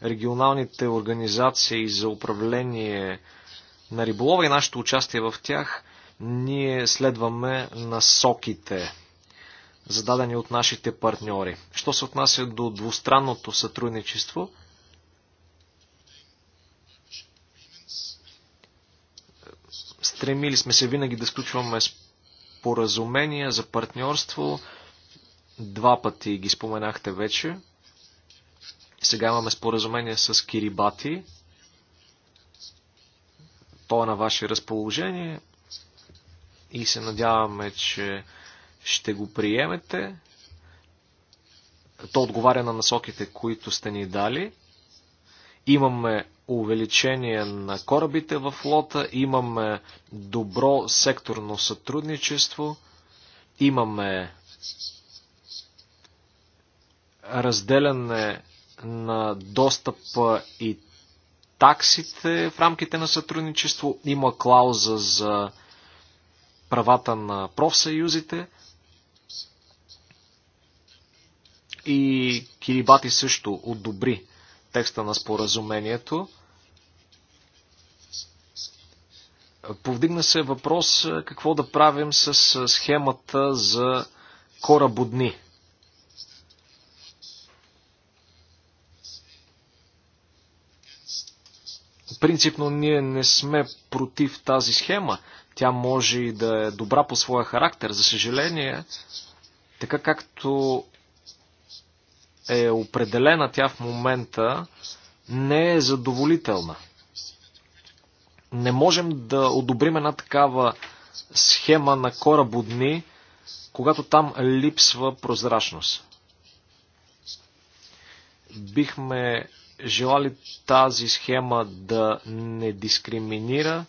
регионалните организации за управление на риболова и нашето участие в тях, ние следваме насоките, зададени от нашите партньори. Що се отнася до двустранното сътрудничество – Стремили сме се винаги да сключваме споразумения за партньорство. Два пъти ги споменахте вече. Сега имаме споразумение с Кирибати. То е на ваше разположение и се надяваме, че ще го приемете. То отговаря на насоките, които сте ни дали. Имаме увеличение на корабите в флота, имаме добро секторно сътрудничество, имаме разделяне на достъпа и таксите в рамките на сътрудничество, има клауза за правата на профсъюзите и Кирибати също одобри текста на споразумението. Повдигна се въпрос какво да правим с схемата за корабодни. Принципно ние не сме против тази схема. Тя може и да е добра по своя характер. За съжаление, така както е определена тя в момента, не е задоволителна. Не можем да одобрим една такава схема на корабодни, когато там липсва прозрачност. Бихме желали тази схема да не дискриминира,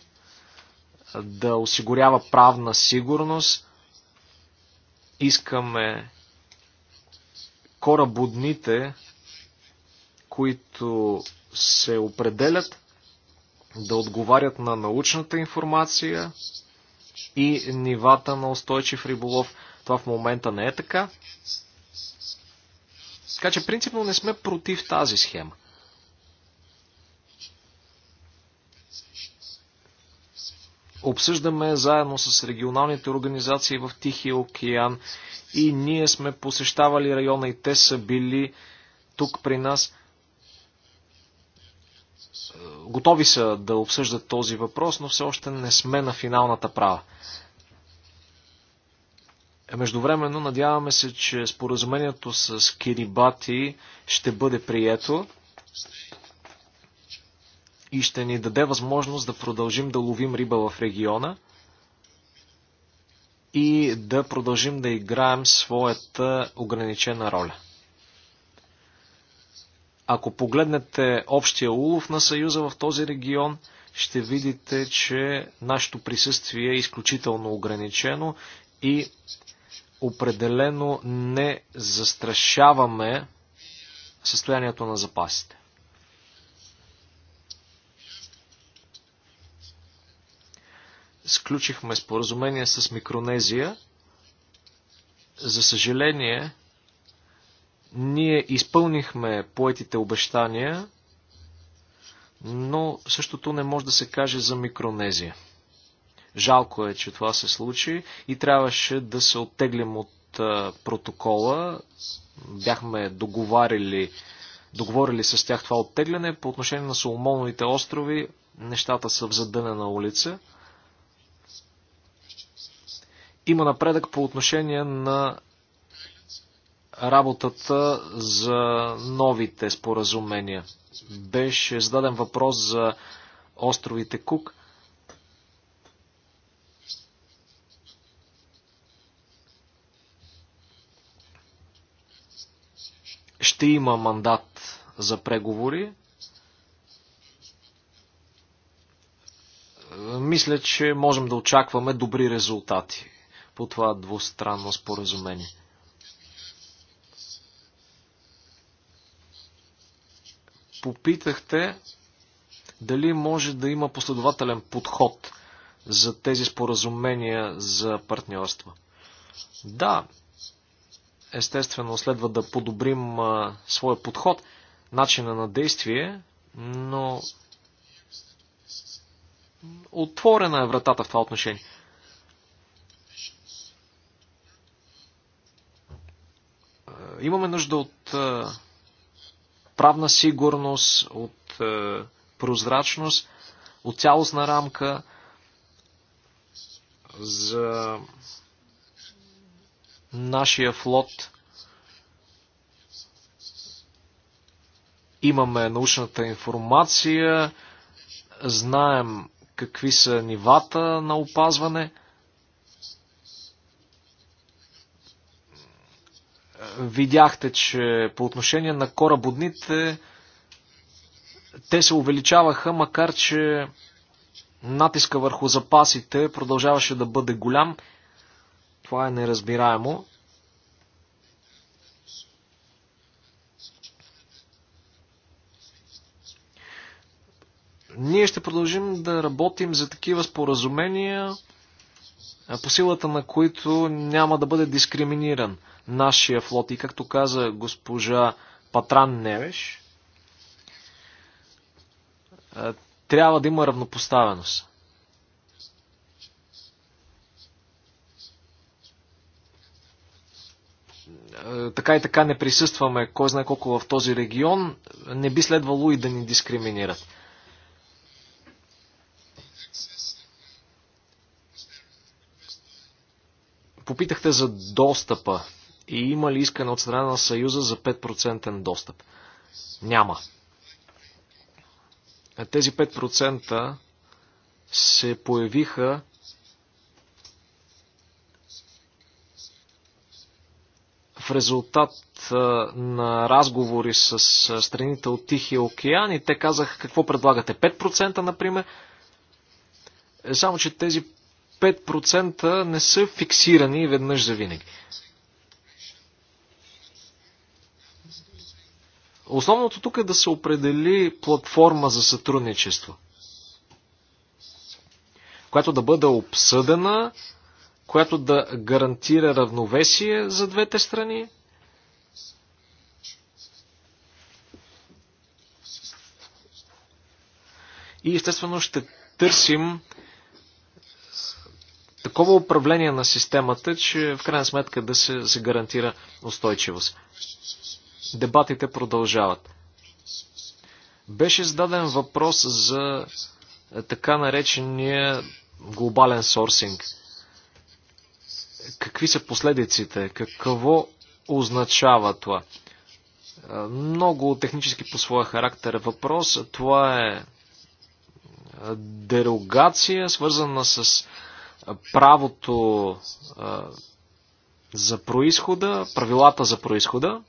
да осигурява правна сигурност. Искаме будните, които се определят да отговарят на научната информация и нивата на устойчив риболов. Това в момента не е така. Така че принципно не сме против тази схема. Обсъждаме заедно с регионалните организации в Тихия океан и ние сме посещавали района и те са били тук при нас. Готови са да обсъждат този въпрос, но все още не сме на финалната права. Е, междувременно надяваме се, че споразумението с Кирибати ще бъде прието и ще ни даде възможност да продължим да ловим риба в региона и да продължим да играем своята ограничена роля. Ако погледнете общия улов на Съюза в този регион, ще видите, че нашето присъствие е изключително ограничено и определено не застрашаваме състоянието на запасите. сключихме споразумение с Микронезия. За съжаление, ние изпълнихме поетите обещания, но същото не може да се каже за Микронезия. Жалко е, че това се случи и трябваше да се оттеглим от протокола. Бяхме договарили, договорили с тях това оттегляне. По отношение на Соломоновите острови, нещата са в задънена улица. Има напредък по отношение на работата за новите споразумения. Беше зададен въпрос за островите Кук. Ще има мандат за преговори. Мисля, че можем да очакваме добри резултати по това двустранно споразумение. Попитахте дали може да има последователен подход за тези споразумения за партньорства. Да, естествено следва да подобрим а, своя подход, начина на действие, но отворена е вратата в това отношение. Имаме нужда от е, правна сигурност, от е, прозрачност, от цялостна рамка за нашия флот. Имаме научната информация, знаем какви са нивата на опазване – видяхте, че по отношение на корабодните те се увеличаваха, макар че натиска върху запасите продължаваше да бъде голям. Това е неразбираемо. Ние ще продължим да работим за такива споразумения, по силата на които няма да бъде дискриминиран нашия флот. И както каза госпожа Патран Невеш, е, трябва да има равнопоставеност. Е, така и така не присъстваме, кой знае колко в този регион, не би следвало и да ни дискриминират. Попитахте за достъпа и има ли искане от страна на Съюза за 5% достъп? Няма. Тези 5% се появиха в резултат на разговори с страните от Тихия океан и те казаха какво предлагате 5% например. Е, само, че тези 5% не са фиксирани веднъж за винаги. Основното тук е да се определи платформа за сътрудничество, която да бъде обсъдена, която да гарантира равновесие за двете страни. И естествено ще търсим такова управление на системата, че в крайна сметка да се, се гарантира устойчивост. Дебатите продължават. Беше зададен въпрос за е, така наречения глобален сорсинг. Какви са последиците? Какво означава това? Е, много технически по своя характер въпрос. Това е, е дерогация, свързана с правото за происхода, правилата за происхода.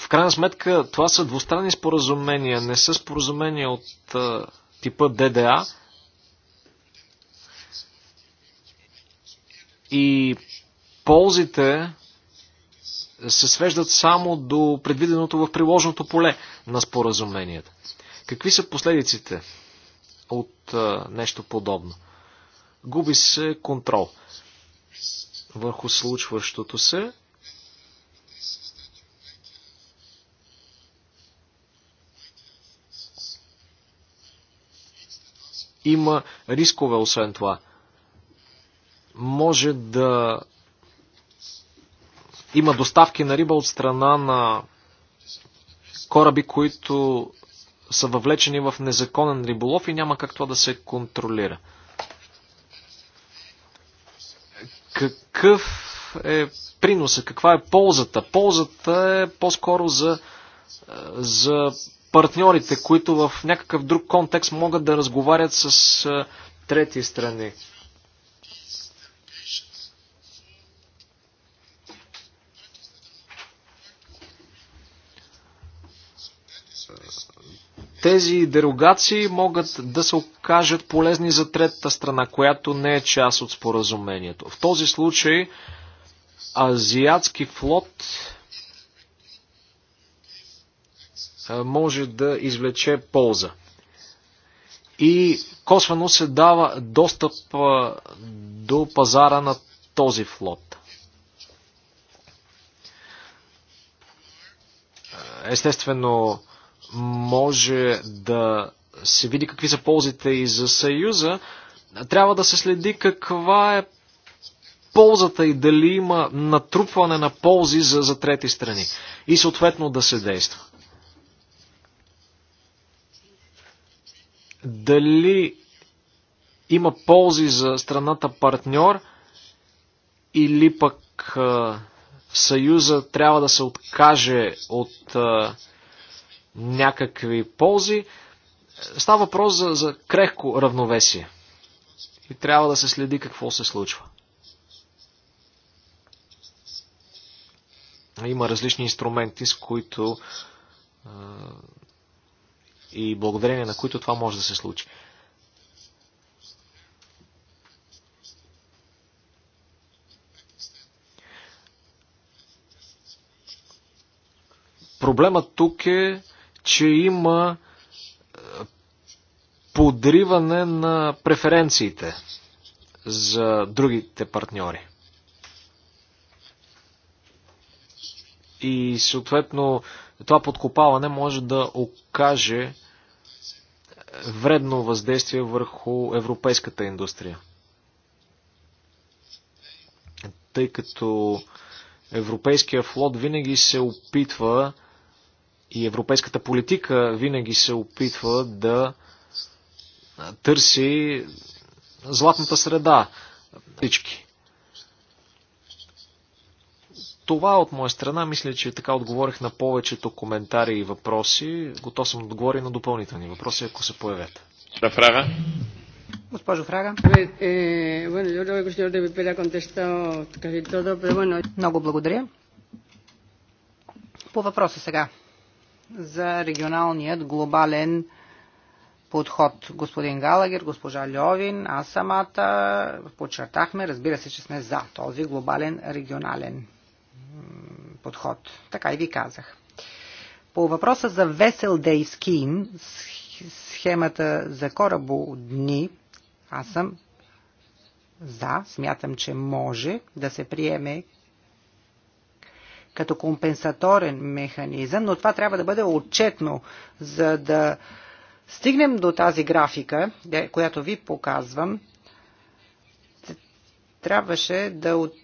в крайна сметка това са двустранни споразумения, не са споразумения от а, типа ДДА. И ползите се свеждат само до предвиденото в приложното поле на споразуменията. Какви са последиците от а, нещо подобно? Губи се контрол върху случващото се Има рискове, освен това. Може да има доставки на риба от страна на кораби, които са въвлечени в незаконен риболов и няма как това да се контролира. Какъв е приноса, каква е ползата? Ползата е по-скоро за, за партньорите, които в някакъв друг контекст могат да разговарят с трети страни. Тези дерогации могат да се окажат полезни за третата страна, която не е част от споразумението. В този случай азиатски флот може да извлече полза. И косвено се дава достъп до пазара на този флот. Естествено, може да се види какви са ползите и за Съюза. Трябва да се следи каква е ползата и дали има натрупване на ползи за, за трети страни. И съответно да се действа. дали има ползи за страната партньор или пък Съюза трябва да се откаже от някакви ползи. Става въпрос за, за крехко равновесие. И трябва да се следи какво се случва. Има различни инструменти, с които и благодарение на които това може да се случи. Проблемът тук е, че има е, подриване на преференциите за другите партньори. и съответно това подкопаване може да окаже вредно въздействие върху европейската индустрия. Тъй като европейския флот винаги се опитва и европейската политика винаги се опитва да търси златната среда всички. Това от моя страна, мисля, че така отговорих на повечето коментари и въпроси. Готов съм да отговоря на допълнителни въпроси, ако се появят. Да, Фрага. Госпожо Фрага. Е, е, Много благодаря. По въпроса сега за регионалният глобален подход. Господин Галагер, госпожа Льовин, аз самата подчертахме, разбира се, че сме за този глобален регионален подход. Така и ви казах. По въпроса за Весел Day схемата за корабо дни, аз съм за, смятам, че може да се приеме като компенсаторен механизъм, но това трябва да бъде отчетно, за да стигнем до тази графика, е, която ви показвам. Трябваше да от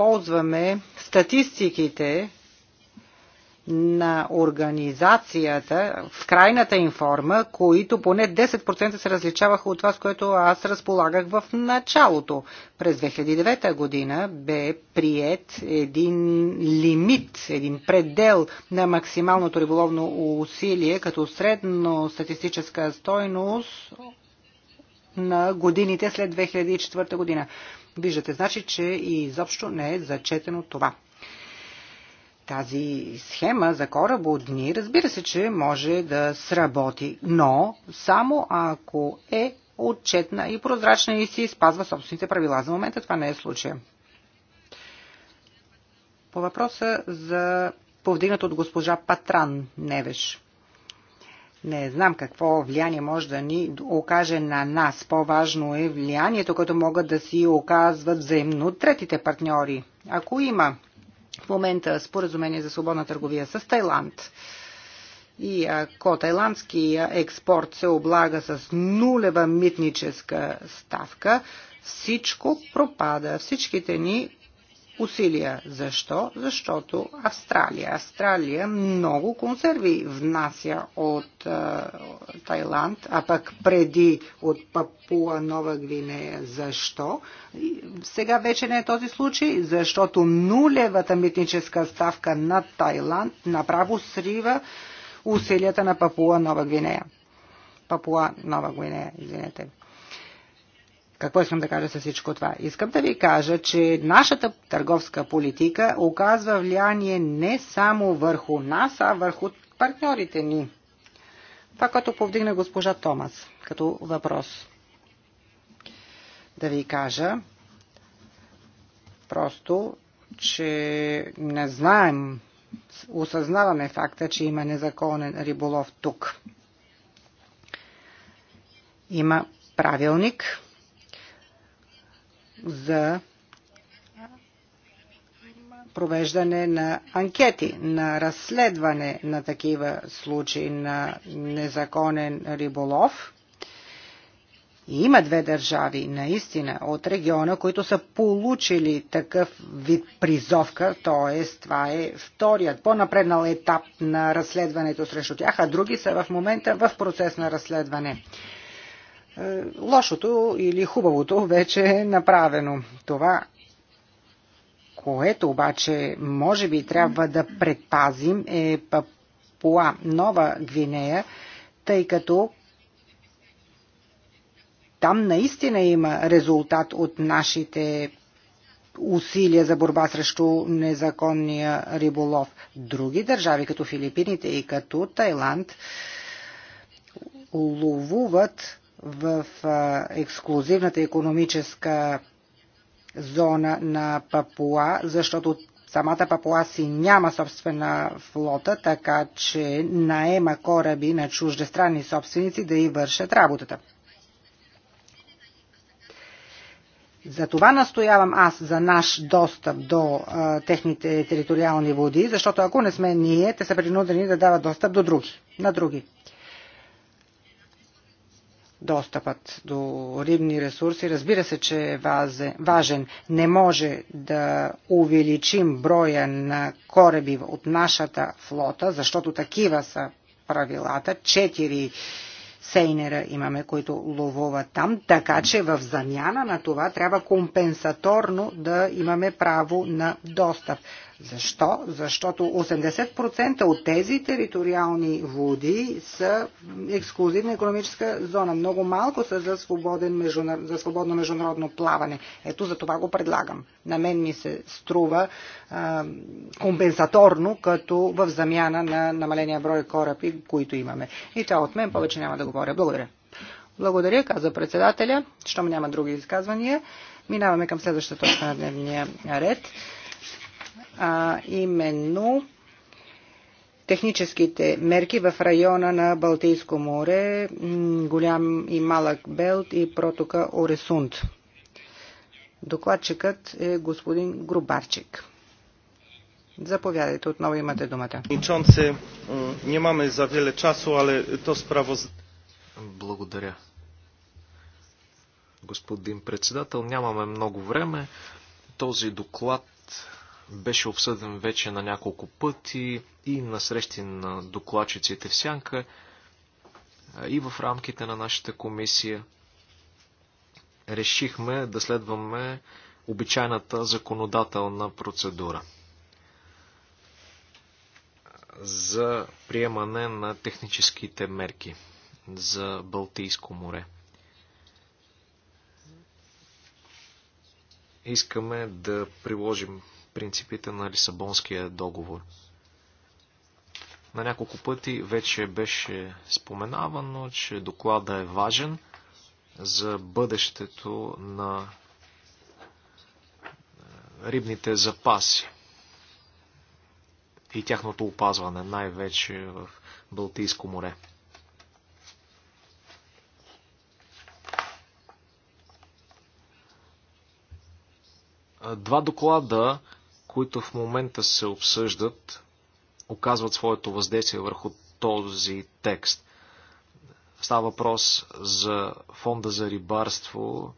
използваме статистиките на организацията в крайната им форма, които поне 10% се различаваха от това, с което аз разполагах в началото. През 2009 година бе прият един лимит, един предел на максималното риболовно усилие като средно статистическа стойност на годините след 2004 година. Виждате, значи, че и изобщо не е зачетено това тази схема за кораба от дни, разбира се, че може да сработи, но само ако е отчетна и прозрачна и си спазва собствените правила. За момента това не е случая. По въпроса за повдигнат от госпожа Патран Невеш. Не знам какво влияние може да ни окаже на нас. По-важно е влиянието, което могат да си оказват взаимно третите партньори. Ако има в момента споразумение за свободна търговия с Тайланд, и ако тайландския експорт се облага с нулева митническа ставка, всичко пропада. Всичките ни усилия. Защо? Защото Австралия. Австралия много консерви внася от а, Тайланд, а пък преди от Папуа Нова Гвинея. Защо? Сега вече не е този случай, защото нулевата митническа ставка на Тайланд направо срива усилията на Папуа Нова Гвинея. Папуа Нова Гвинея, извинете. Какво искам да кажа с всичко това? Искам да ви кажа, че нашата търговска политика оказва влияние не само върху нас, а върху партньорите ни. Това, като повдигна госпожа Томас като въпрос. Да ви кажа просто, че не знаем, осъзнаваме факта, че има незаконен риболов тук. Има правилник, за провеждане на анкети, на разследване на такива случаи на незаконен риболов. И има две държави, наистина, от региона, които са получили такъв вид призовка, т.е. това е вторият по-напреднал етап на разследването срещу тях, а други са в момента в процес на разследване. Е, лошото или хубавото вече е направено. Това, което обаче може би трябва да предпазим е Папуа Нова Гвинея, тъй като там наистина има резултат от нашите усилия за борба срещу незаконния риболов. Други държави, като Филипините и като Тайланд, ловуват в ексклюзивната економическа зона на Папуа, защото самата Папуа си няма собствена флота, така че наема кораби на чуждестранни собственици да й вършат работата. За това настоявам аз за наш достъп до а, техните териториални води, защото ако не сме ние, те са принудени да дават достъп до други, на други достъпът до рибни ресурси. Разбира се, че е важен. Не може да увеличим броя на кораби от нашата флота, защото такива са правилата. Четири сейнера имаме, които ловуват там, така че в замяна на това трябва компенсаторно да имаме право на достъп. Защо? Защото 80% от тези териториални води са ексклюзивна економическа зона. Много малко са за, свободен, междунар... за свободно международно плаване. Ето за това го предлагам. На мен ми се струва а, компенсаторно, като в замяна на намаления брой кораби, които имаме. И това от мен повече няма да говоря. Благодаря. Благодаря, каза председателя. Щом няма други изказвания, минаваме към следващата точка на дневния ред а именно техническите мерки в района на Балтийско море, голям и малък Белт и протока Оресунд. Докладчикът е господин Грубарчик. Заповядайте, отново имате думата. нямаме за веле часу, але то справо... Благодаря. Господин председател, нямаме много време. Този доклад беше обсъден вече на няколко пъти и на срещи на докладчиците в Сянка и в рамките на нашата комисия. Решихме да следваме обичайната законодателна процедура за приемане на техническите мерки за Балтийско море. Искаме да приложим принципите на Лисабонския договор. На няколко пъти вече беше споменавано, че доклада е важен за бъдещето на е, рибните запаси и тяхното опазване, най-вече в Балтийско море. Два доклада които в момента се обсъждат, оказват своето въздействие върху този текст. Става въпрос за фонда за рибарство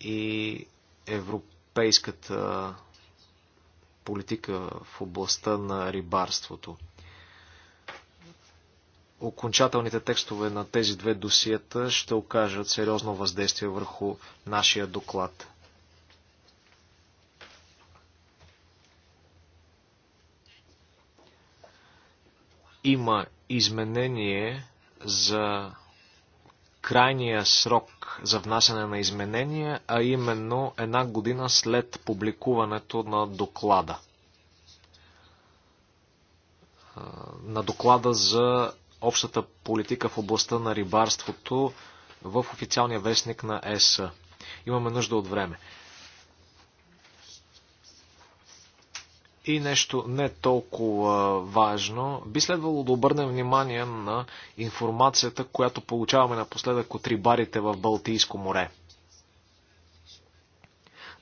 и европейската политика в областта на рибарството. Окончателните текстове на тези две досиета ще окажат сериозно въздействие върху нашия доклад. Има изменение за крайния срок за внасяне на изменения, а именно една година след публикуването на доклада. На доклада за общата политика в областта на рибарството в официалния вестник на ЕС. Имаме нужда от време. И нещо не толкова важно, би следвало да обърнем внимание на информацията, която получаваме напоследък от рибарите в Балтийско море.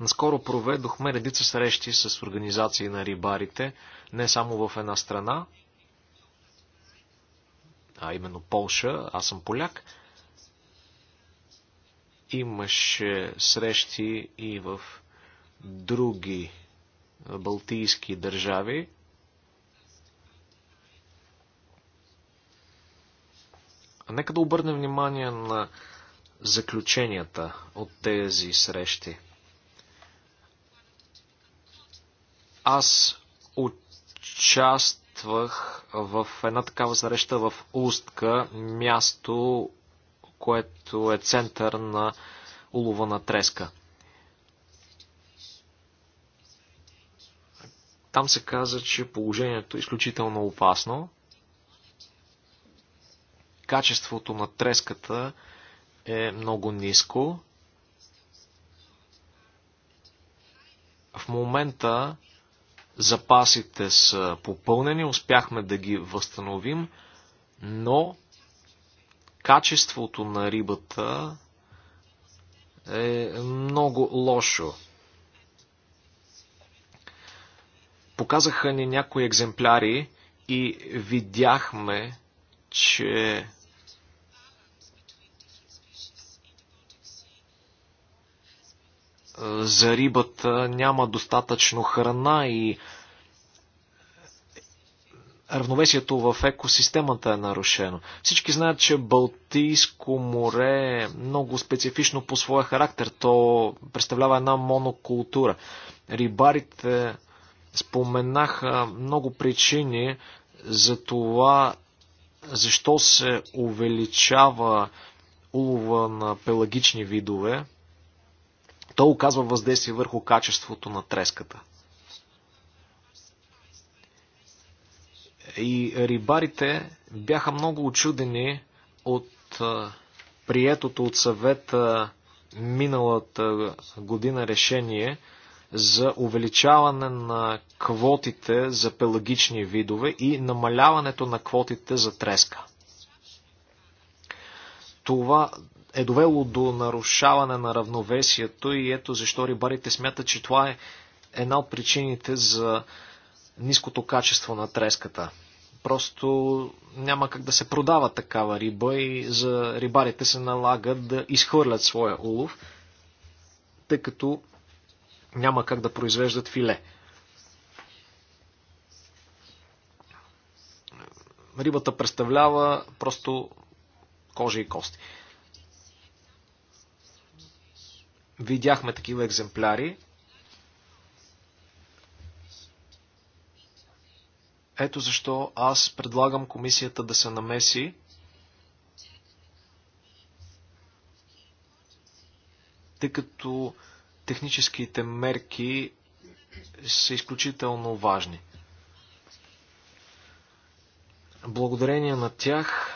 Наскоро проведохме редица срещи с организации на рибарите, не само в една страна, а именно Полша, аз съм поляк. Имаше срещи и в други балтийски държави. Нека да обърнем внимание на заключенията от тези срещи. Аз участвах в една такава среща в Устка, място, което е център на улова на треска. Там се каза, че положението е изключително опасно. Качеството на треската е много ниско. В момента запасите са попълнени, успяхме да ги възстановим, но качеството на рибата е много лошо. Показаха ни някои екземпляри и видяхме, че за рибата няма достатъчно храна и равновесието в екосистемата е нарушено. Всички знаят, че Балтийско море е много специфично по своя характер. То представлява една монокултура. Рибарите споменаха много причини за това, защо се увеличава улова на пелагични видове. То оказва въздействие върху качеството на треската. И рибарите бяха много очудени от приетото от съвета миналата година решение – за увеличаване на квотите за пелагични видове и намаляването на квотите за треска. Това е довело до нарушаване на равновесието и ето защо рибарите смятат, че това е една от причините за ниското качество на треската. Просто няма как да се продава такава риба и за рибарите се налага да изхвърлят своя улов, тъй като няма как да произвеждат филе. Рибата представлява просто кожа и кости. Видяхме такива екземпляри. Ето защо аз предлагам комисията да се намеси тъй като техническите мерки са изключително важни. Благодарение на тях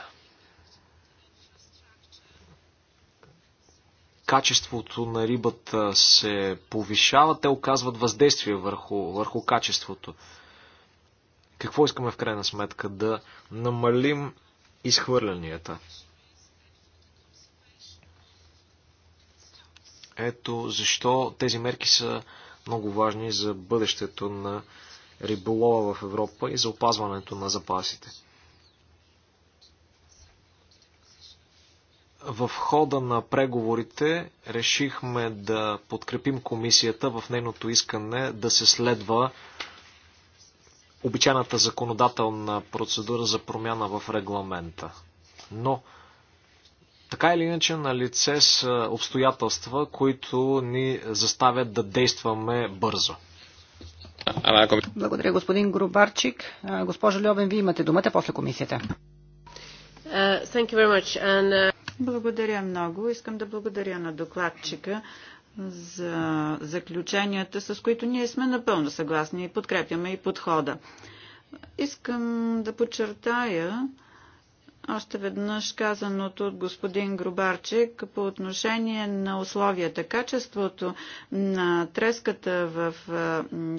качеството на рибата се повишава, те оказват въздействие върху, върху качеството. Какво искаме в крайна сметка? Да намалим изхвърлянията. Ето защо тези мерки са много важни за бъдещето на риболова в Европа и за опазването на запасите. В хода на преговорите решихме да подкрепим комисията в нейното искане да се следва обичайната законодателна процедура за промяна в регламента. Но така или иначе на лице с обстоятелства, които ни заставят да действаме бързо. Благодаря, господин Грубарчик. Госпожо Льовен, Ви имате думата после комисията. Благодаря много. Искам да благодаря на докладчика за заключенията, с които ние сме напълно съгласни и подкрепяме и подхода. Искам да подчертая, още веднъж казаното от господин Грубарчик по отношение на условията. Качеството на треската в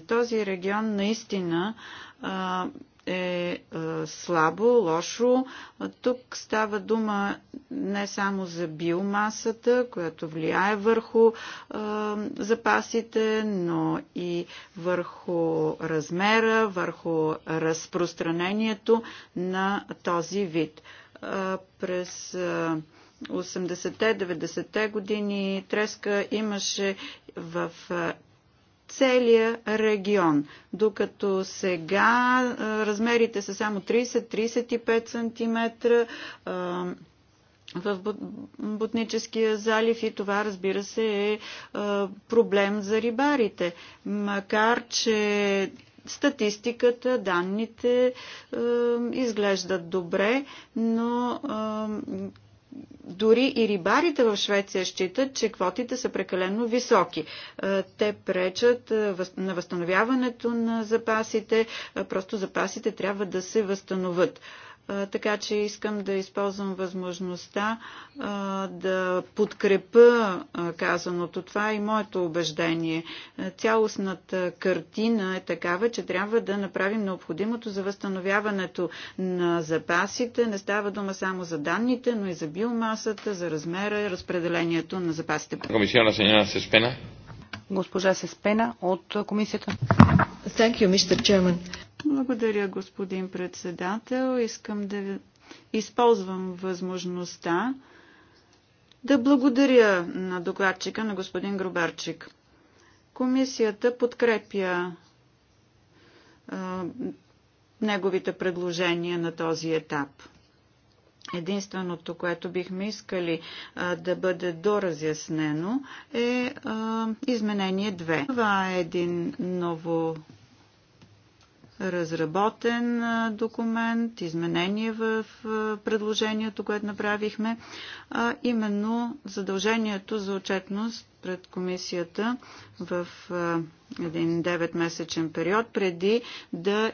този регион наистина е, е слабо, лошо. Тук става дума не само за биомасата, която влияе върху е, запасите, но и върху размера, върху разпространението на този вид. Е, през 80-те, 90-те години треска имаше в целия регион, докато сега размерите са само 30-35 см в Ботническия залив и това, разбира се, е проблем за рибарите. Макар, че статистиката, данните изглеждат добре, но дори и рибарите в Швеция считат, че квотите са прекалено високи. Е, те пречат е, на възстановяването на запасите, е, просто запасите трябва да се възстановят така че искам да използвам възможността да подкрепа казаното. Това е и моето убеждение. Цялостната картина е такава, че трябва да направим необходимото за възстановяването на запасите. Не става дума само за данните, но и за биомасата, за размера и разпределението на запасите. Комисия на Госпожа Сеспена от комисията. Thank you, Mr. Chairman. Благодаря, господин председател. Искам да използвам възможността да благодаря на докладчика, на господин Грубарчик. Комисията подкрепя а, неговите предложения на този етап. Единственото, което бихме искали а, да бъде доразяснено е а, изменение 2. Това е един ново разработен документ, изменение в предложението, което направихме, а именно задължението за отчетност пред комисията в един 9-месечен период, преди да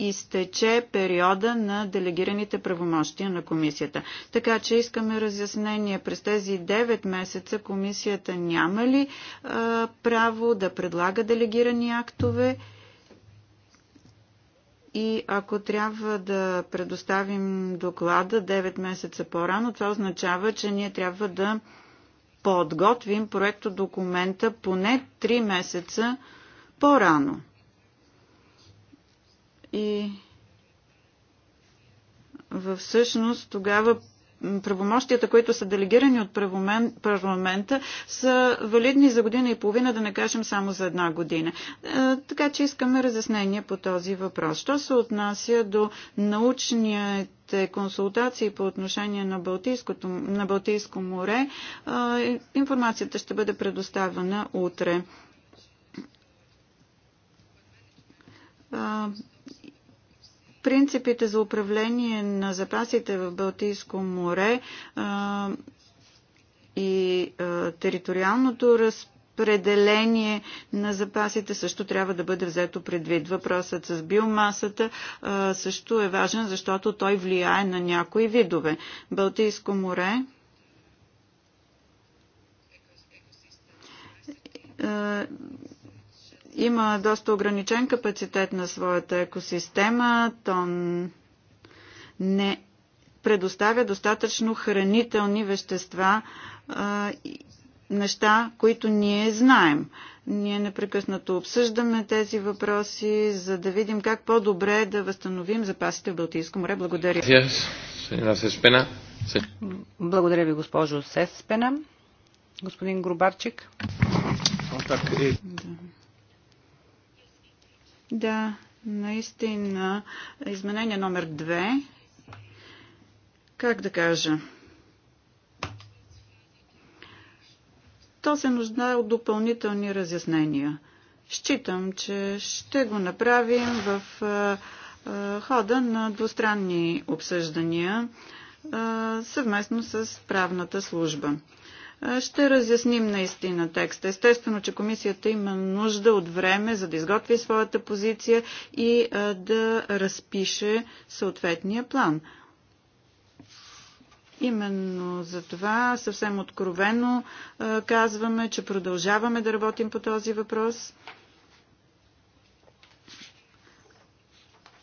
изтече периода на делегираните правомощия на комисията. Така че искаме разяснение. През тези 9 месеца комисията няма ли а, право да предлага делегирани актове и ако трябва да предоставим доклада 9 месеца по-рано, това означава, че ние трябва да подготвим проекто документа поне 3 месеца по-рано. И всъщност тогава правомощията, които са делегирани от парламента, са валидни за година и половина, да не кажем само за една година. Е, така че искаме разяснение по този въпрос. Що се отнася до научния консултации по отношение на, на Балтийско море. Е, информацията ще бъде предоставена утре. Е, принципите за управление на запасите в Балтийско море а, и а, териториалното разпределение на запасите също трябва да бъде взето предвид. Въпросът с биомасата а, също е важен, защото той влияе на някои видове. Балтийско море има доста ограничен капацитет на своята екосистема. То не предоставя достатъчно хранителни вещества, неща, които ние знаем. Ние непрекъснато обсъждаме тези въпроси, за да видим как по-добре да възстановим запасите в Балтийско море. Благодаря. Благодаря ви, госпожо Сеспена. Господин Грубарчик. Е. да. Да, наистина, изменение номер две, как да кажа, то се нуждае от допълнителни разяснения. Считам, че ще го направим в хода на двустранни обсъждания съвместно с правната служба ще разясним наистина текста. Естествено, че комисията има нужда от време, за да изготви своята позиция и да разпише съответния план. Именно за това съвсем откровено казваме, че продължаваме да работим по този въпрос.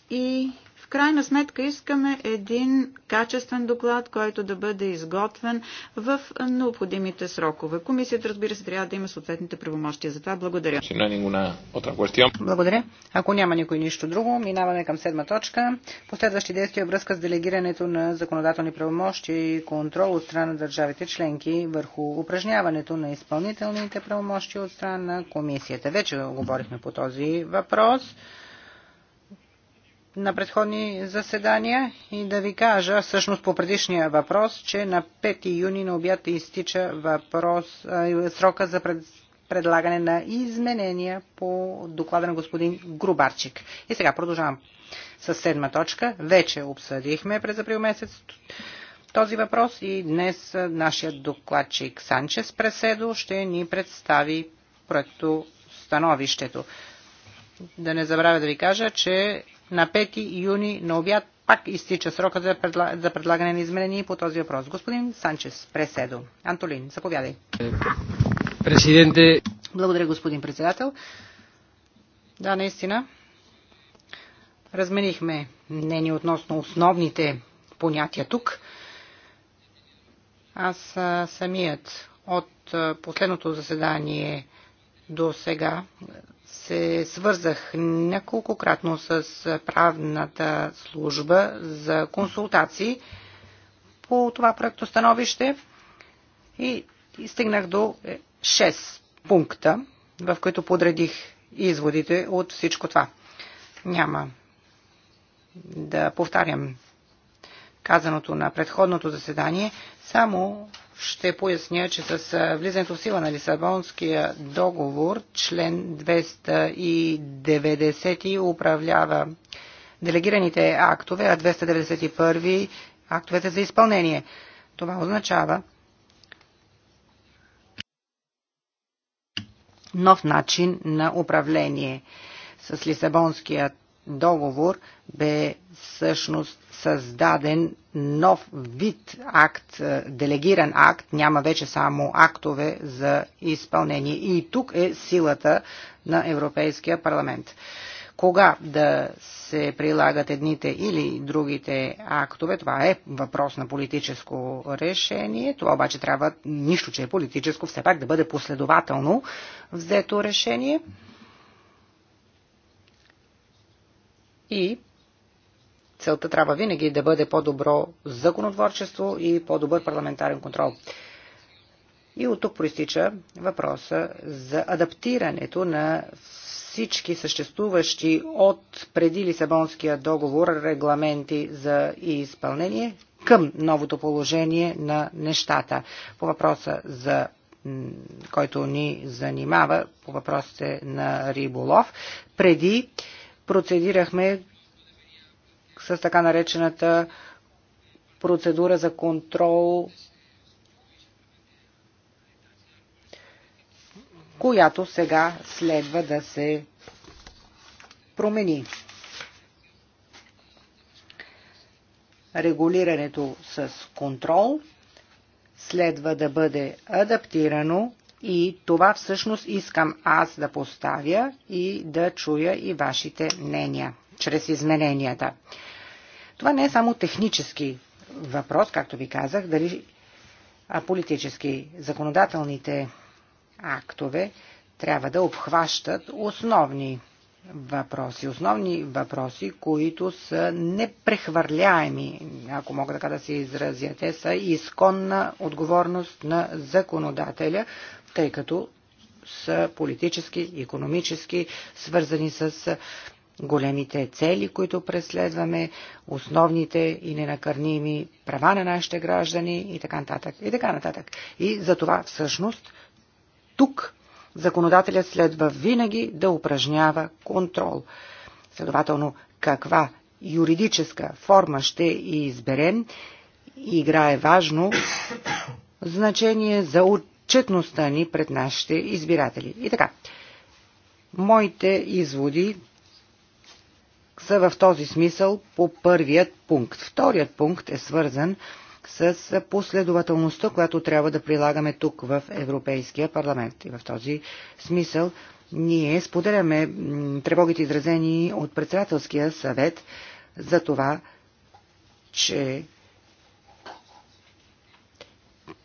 И в крайна сметка искаме един качествен доклад, който да бъде изготвен в необходимите срокове. Комисията, разбира се, трябва да има съответните правомощия. За това благодаря. Благодаря. Ако няма никой нищо друго, минаваме към седма точка. Последващи действия връзка с делегирането на законодателни правомощия и контрол от страна на държавите членки върху упражняването на изпълнителните правомощия от страна на комисията. Вече говорихме по този въпрос на предходни заседания и да ви кажа всъщност по предишния въпрос, че на 5 юни на обяд изтича въпрос, а, срока за пред, предлагане на изменения по доклада на господин Грубарчик. И сега продължавам с седма точка. Вече обсъдихме през април месец този въпрос и днес нашият докладчик Санчес Преседо ще ни представи проекто становището. Да не забравя да ви кажа, че на 5 юни на обяд пак изтича срока за, предла... за предлагане на изменения по този въпрос. Господин Санчес Преседо. Антолин, заповядай. Президенте. Благодаря, господин председател. Да, наистина. Разменихме мнение относно основните понятия тук. Аз самият от последното заседание до сега се свързах няколкократно с правната служба за консултации по това проекто становище и стигнах до 6 е, пункта, в които подредих изводите от всичко това. Няма да повтарям казаното на предходното заседание, само ще поясня, че с влизането в сила на Лисабонския договор, член 290 управлява делегираните актове, а 291 актовете за изпълнение. Това означава нов начин на управление. С Лисабонският договор бе всъщност създаден нов вид акт, е, делегиран акт, няма вече само актове за изпълнение. И тук е силата на Европейския парламент. Кога да се прилагат едните или другите актове, това е въпрос на политическо решение. Това обаче трябва, нищо, че е политическо, все пак да бъде последователно взето решение. И целта трябва винаги да бъде по-добро законотворчество и по-добър парламентарен контрол. И от тук проистича въпроса за адаптирането на всички съществуващи от преди Лисабонския договор регламенти за изпълнение към новото положение на нещата. По въпроса за който ни занимава по въпросите на риболов, преди процедирахме с така наречената процедура за контрол, която сега следва да се промени. Регулирането с контрол следва да бъде адаптирано и това всъщност искам аз да поставя и да чуя и вашите мнения, чрез измененията. Това не е само технически въпрос, както ви казах, дали а политически законодателните актове трябва да обхващат основни въпроси. Основни въпроси, които са непрехвърляеми, ако мога така да се изразя. Те са изконна отговорност на законодателя, тъй като са политически, економически, свързани с големите цели, които преследваме, основните и ненакърними права на нашите граждани и така нататък. И така нататък. И за това всъщност тук законодателят следва винаги да упражнява контрол. Следователно, каква юридическа форма ще изберем, играе важно *coughs* значение за Четността ни пред нашите избиратели. И така, моите изводи са в този смисъл по първият пункт. Вторият пункт е свързан с последователността, която трябва да прилагаме тук в Европейския парламент. И в този смисъл ние споделяме тревогите изразени от председателския съвет за това, че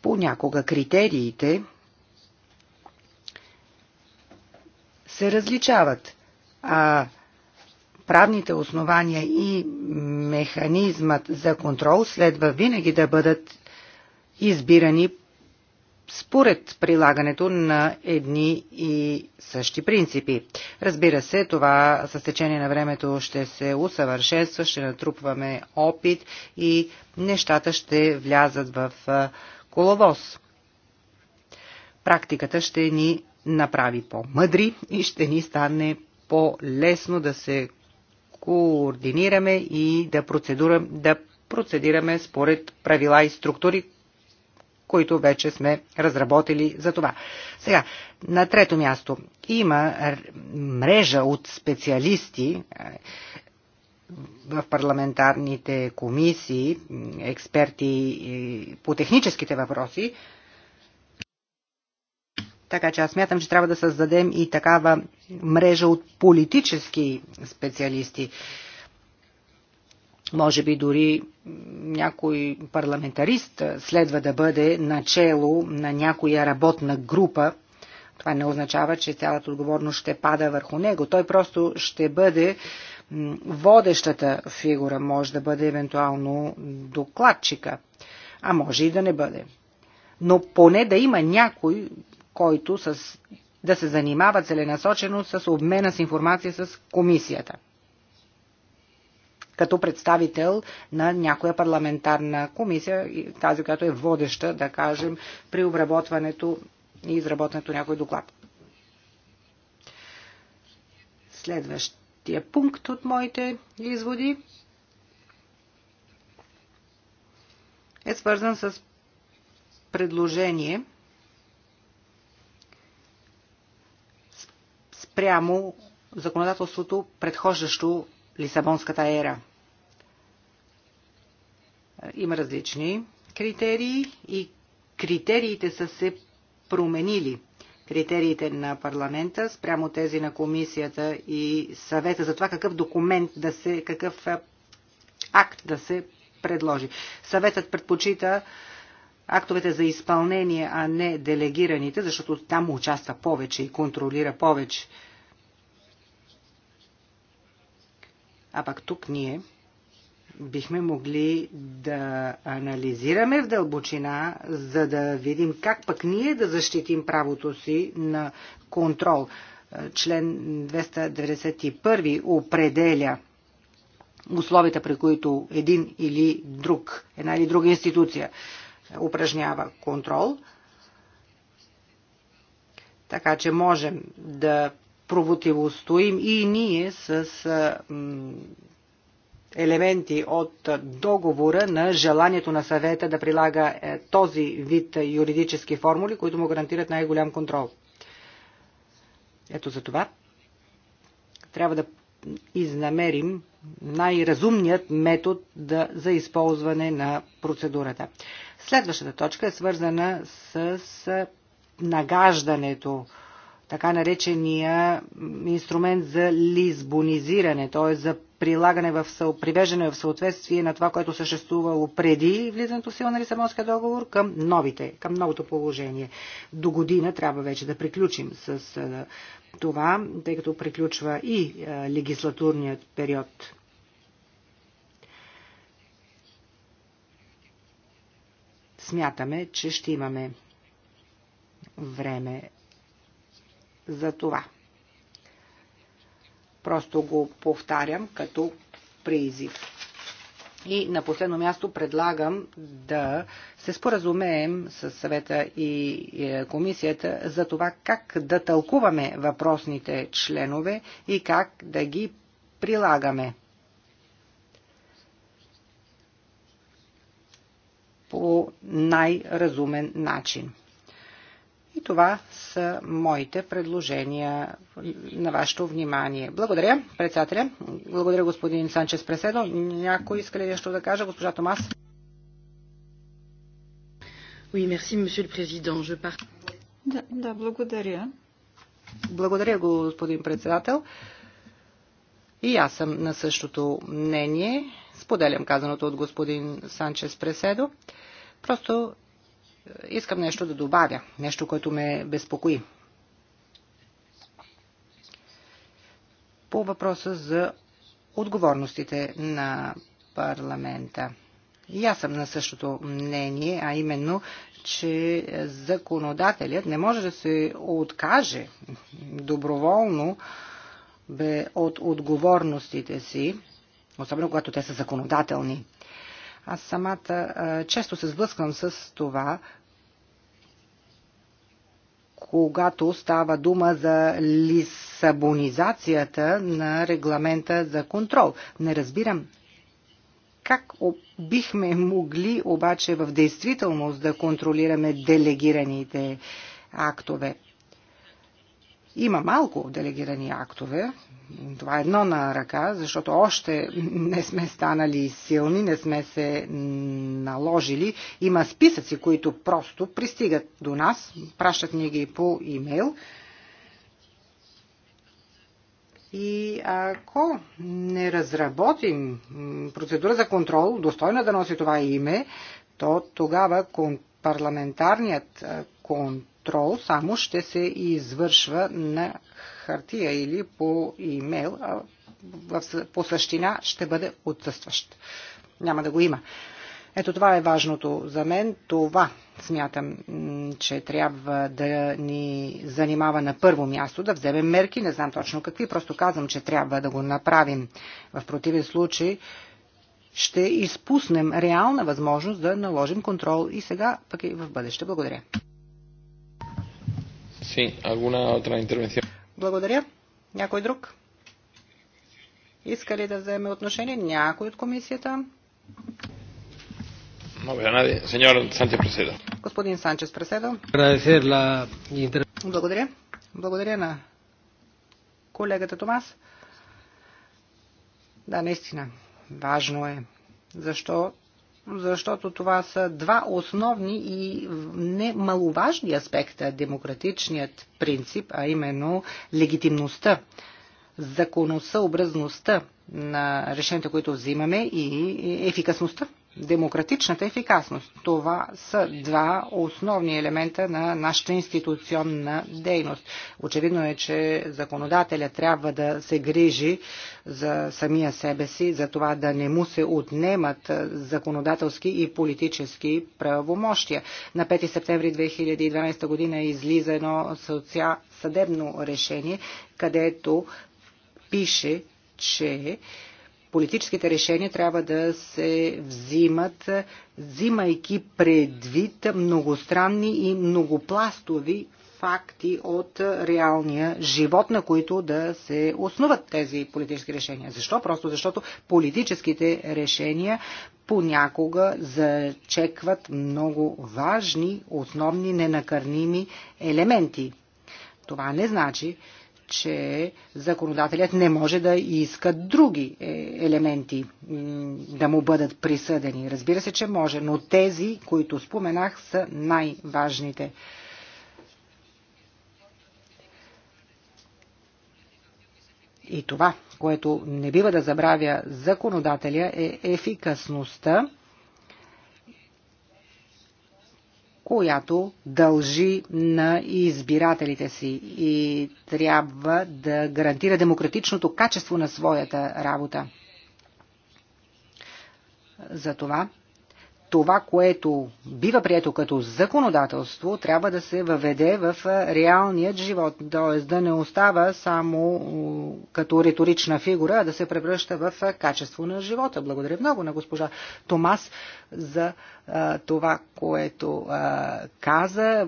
Понякога критериите се различават, а правните основания и механизмът за контрол следва винаги да бъдат избирани според прилагането на едни и същи принципи. Разбира се, това с течение на времето ще се усъвършенства, ще натрупваме опит и нещата ще влязат в коловоз. Практиката ще ни направи по-мъдри и ще ни стане по-лесно да се координираме и да, процедура, да процедираме според правила и структури, които вече сме разработили за това. Сега, на трето място, има мрежа от специалисти, в парламентарните комисии, експерти по техническите въпроси. Така че аз мятам, че трябва да създадем и такава мрежа от политически специалисти. Може би дори някой парламентарист следва да бъде начело на някоя работна група. Това не означава, че цялата отговорност ще пада върху него. Той просто ще бъде водещата фигура може да бъде евентуално докладчика, а може и да не бъде. Но поне да има някой, който с, да се занимава целенасочено с обмена с информация с комисията като представител на някоя парламентарна комисия, тази, която е водеща, да кажем, при обработването и изработването на някой доклад. Следващ четвъртия пункт от моите изводи е свързан с предложение спрямо законодателството, предхождащо Лисабонската ера. Има различни критерии и критериите са се променили – критериите на парламента спрямо тези на комисията и съвета за това какъв документ да се, какъв акт да се предложи. Съветът предпочита актовете за изпълнение, а не делегираните, защото там участва повече и контролира повече. А пък тук ние бихме могли да анализираме в дълбочина, за да видим как пък ние да защитим правото си на контрол. Член 291 определя условията, при които един или друг, една или друга институция упражнява контрол. Така че можем да противостоим и ние с елементи от договора на желанието на съвета да прилага е, този вид юридически формули, които му гарантират най-голям контрол. Ето за това трябва да изнамерим най-разумният метод за използване на процедурата. Следващата точка е свързана с нагаждането, така наречения инструмент за лизбонизиране, т.е. за прилагане в привеждане в съответствие на това, което съществувало преди влизането в сила на Лисабонския договор към новите, към новото положение. До година трябва вече да приключим с това, тъй като приключва и легислатурният период. Смятаме, че ще имаме време за това. Просто го повтарям като призив. И на последно място предлагам да се споразумеем с съвета и е, комисията за това как да тълкуваме въпросните членове и как да ги прилагаме. по най-разумен начин това са моите предложения на вашето внимание. Благодаря, председателя. Благодаря, господин Санчес Преседо. Някой иска ли нещо да каже? Госпожа Томас. Oui, merci, monsieur le président. Je part... да, да, благодаря. Благодаря, господин председател. И аз съм на същото мнение. Споделям казаното от господин Санчес Преседо. Просто искам нещо да добавя, нещо, което ме безпокои. По въпроса за отговорностите на парламента. И аз съм на същото мнение, а именно, че законодателят не може да се откаже доброволно бе, от отговорностите си, особено когато те са законодателни. Аз самата често се сблъсквам с това, когато става дума за лисабонизацията на регламента за контрол. Не разбирам как бихме могли обаче в действителност да контролираме делегираните актове. Има малко делегирани актове, това е едно на ръка, защото още не сме станали силни, не сме се наложили. Има списъци, които просто пристигат до нас, пращат ни ги по имейл. И ако не разработим процедура за контрол, достойна да носи това име, то тогава парламентарният контрол контрол само ще се извършва на хартия или по имейл, а по същина ще бъде отсъстващ. Няма да го има. Ето това е важното за мен. Това смятам, че трябва да ни занимава на първо място, да вземем мерки. Не знам точно какви, просто казвам, че трябва да го направим. В противен случай ще изпуснем реална възможност да наложим контрол и сега, пък и в бъдеще. Благодаря. Sí, alguna otra intervención. Благодаря. Някой друг? Иска ли да вземе отношение някой от комисията? No veo a nadie. Señor Sánchez Преседо. Господин Санчес Преседо. Благодаря. Благодаря на колегата Томас. Да, наистина. Важно е. Защо защото това са два основни и немаловажни аспекта. Демократичният принцип, а именно легитимността, законосъобразността на решенията, които взимаме и ефикасността демократичната ефикасност. Това са два основни елемента на нашата институционна дейност. Очевидно е, че законодателя трябва да се грижи за самия себе си, за това да не му се отнемат законодателски и политически правомощия. На 5 септември 2012 година излиза едно съдебно решение, където пише, че политическите решения трябва да се взимат, взимайки предвид многостранни и многопластови факти от реалния живот, на които да се основат тези политически решения. Защо? Просто защото политическите решения понякога зачекват много важни, основни, ненакърними елементи. Това не значи, че законодателят не може да иска други е, елементи да му бъдат присъдени. Разбира се, че може, но тези, които споменах, са най-важните. И това, което не бива да забравя законодателя, е ефикасността която дължи на избирателите си и трябва да гарантира демократичното качество на своята работа. За това това, което бива прието като законодателство, трябва да се въведе в реалният живот, т.е. да не остава само като риторична фигура, а да се превръща в качество на живота. Благодаря много на госпожа Томас за това, което каза.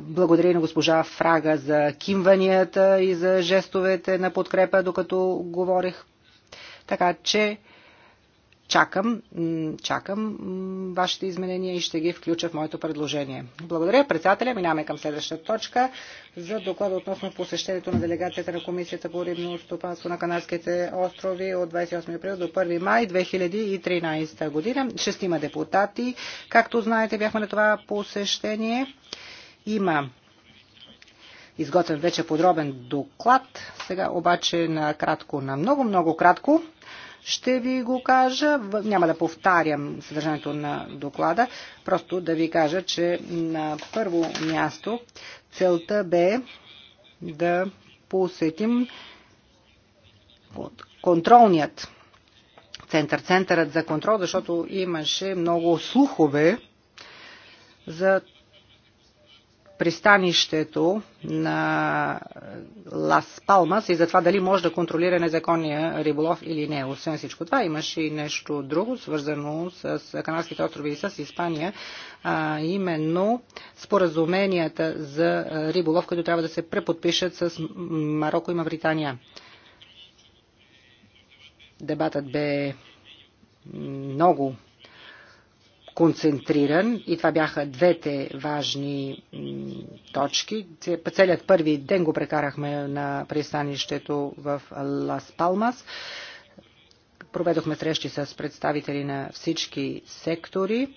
Благодаря на госпожа Фрага за кимванията и за жестовете на подкрепа, докато говорих. Така че чакам, чакам вашите изменения и ще ги включа в моето предложение. Благодаря, председателя. Минаваме към следващата точка за доклада относно посещението на делегацията на Комисията по рибно стопанство на канадските острови от 28 април до 1 май 2013 година. Шестима депутати. Както знаете, бяхме на това посещение. Има изготвен вече подробен доклад. Сега обаче на кратко, на много-много кратко ще ви го кажа. Няма да повтарям съдържанието на доклада, просто да ви кажа, че на първо място целта бе да посетим контролният център, центърът за контрол, защото имаше много слухове за пристанището на Лас Палмас и за това дали може да контролира незаконния риболов или не. Освен всичко това имаше и нещо друго, свързано с Канарските острови и с Испания, а именно споразуменията за риболов, които трябва да се преподпишат с Марокко и Мавритания. Дебатът бе много концентриран и това бяха двете важни точки. Целият първи ден го прекарахме на пристанището в Лас Палмас. Проведохме срещи с представители на всички сектори,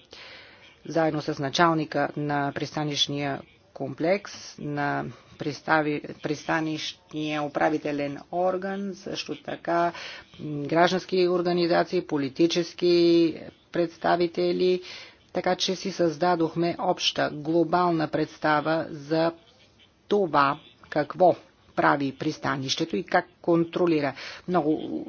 заедно с началника на пристанищния комплекс, на пристави, пристанищния управителен орган, също така граждански организации, политически представители, така че си създадохме обща глобална представа за това какво прави пристанището и как контролира. Много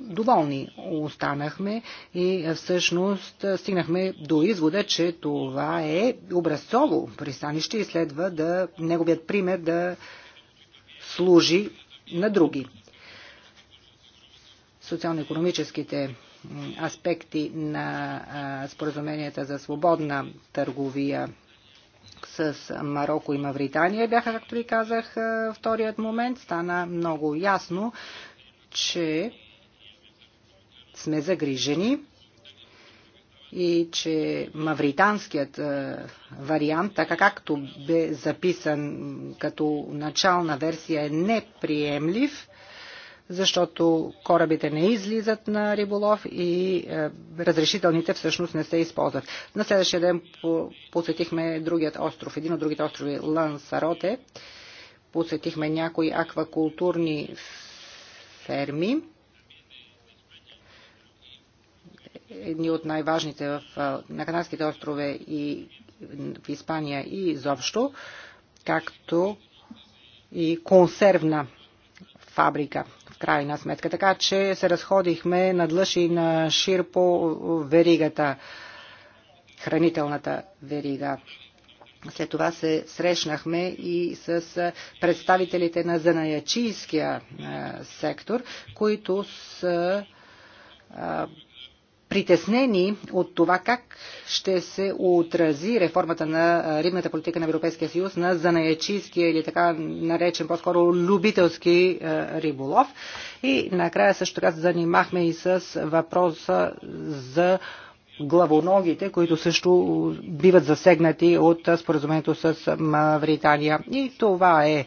доволни останахме и всъщност стигнахме до извода, че това е образцово пристанище и следва да неговият пример да служи на други. Социално-економическите аспекти на споразуменията за свободна търговия с Марокко и Мавритания бяха, както ви казах, вторият момент. Стана много ясно, че сме загрижени и че мавританският вариант, така както бе записан като начална версия, е неприемлив защото корабите не излизат на риболов и е, разрешителните всъщност не се използват. На следващия ден посетихме другият остров, един от другите острови Лансароте. Посетихме някои аквакултурни ферми. Едни от най-важните в, е, на Канадските острове и в Испания и изобщо, както и консервна фабрика крайна сметка. Така че се разходихме надлъж и на шир по веригата, хранителната верига. След това се срещнахме и с представителите на занаячийския сектор, които са притеснени от това как ще се отрази реформата на рибната политика на Европейския съюз на занаячийския или така наречен по-скоро любителски риболов. И накрая също така занимахме и с въпроса за главоногите, които също биват засегнати от споразумението с Мавритания. И това е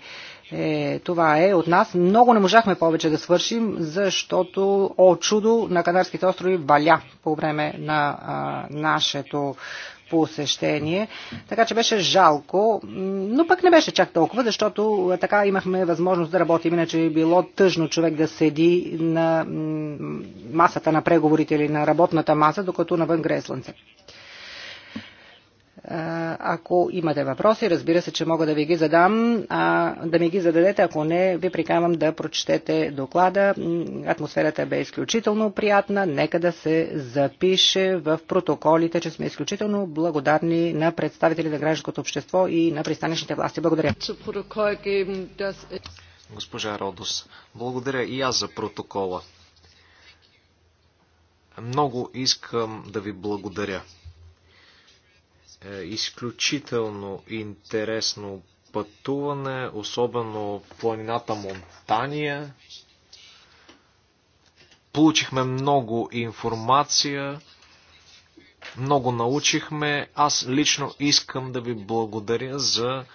е, това е от нас. Много не можахме повече да свършим, защото, о чудо, на Канарските острови валя по време на а, нашето посещение. Така че беше жалко, но пък не беше чак толкова, защото така имахме възможност да работим, иначе е било тъжно човек да седи на масата на преговорите или на работната маса, докато навън грее слънце. Ако имате въпроси, разбира се, че мога да ви ги задам, а да ми ги зададете, ако не, ви приканвам да прочетете доклада. Атмосферата бе изключително приятна. Нека да се запише в протоколите, че сме изключително благодарни на представители на гражданското общество и на пристанищните власти. Благодаря. Госпожа Родос, благодаря и аз за протокола. Много искам да ви благодаря. Е изключително интересно пътуване, особено планината Монтания. Получихме много информация, много научихме. Аз лично искам да ви благодаря за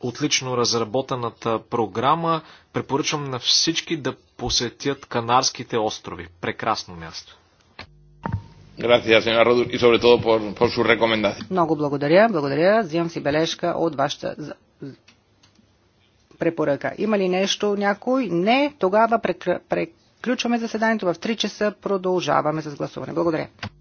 отлично разработената програма. Препоръчвам на всички да посетят Канарските острови. Прекрасно място. Gracias, señora Rodur, y sobre todo por, por su recomendación. Много благодаря, благодаря. Взимам си бележка от вашата препоръка. Има ли нещо някой? Не, тогава прекр... Приключваме заседанието в 3 часа. Продължаваме с гласуване. Благодаря.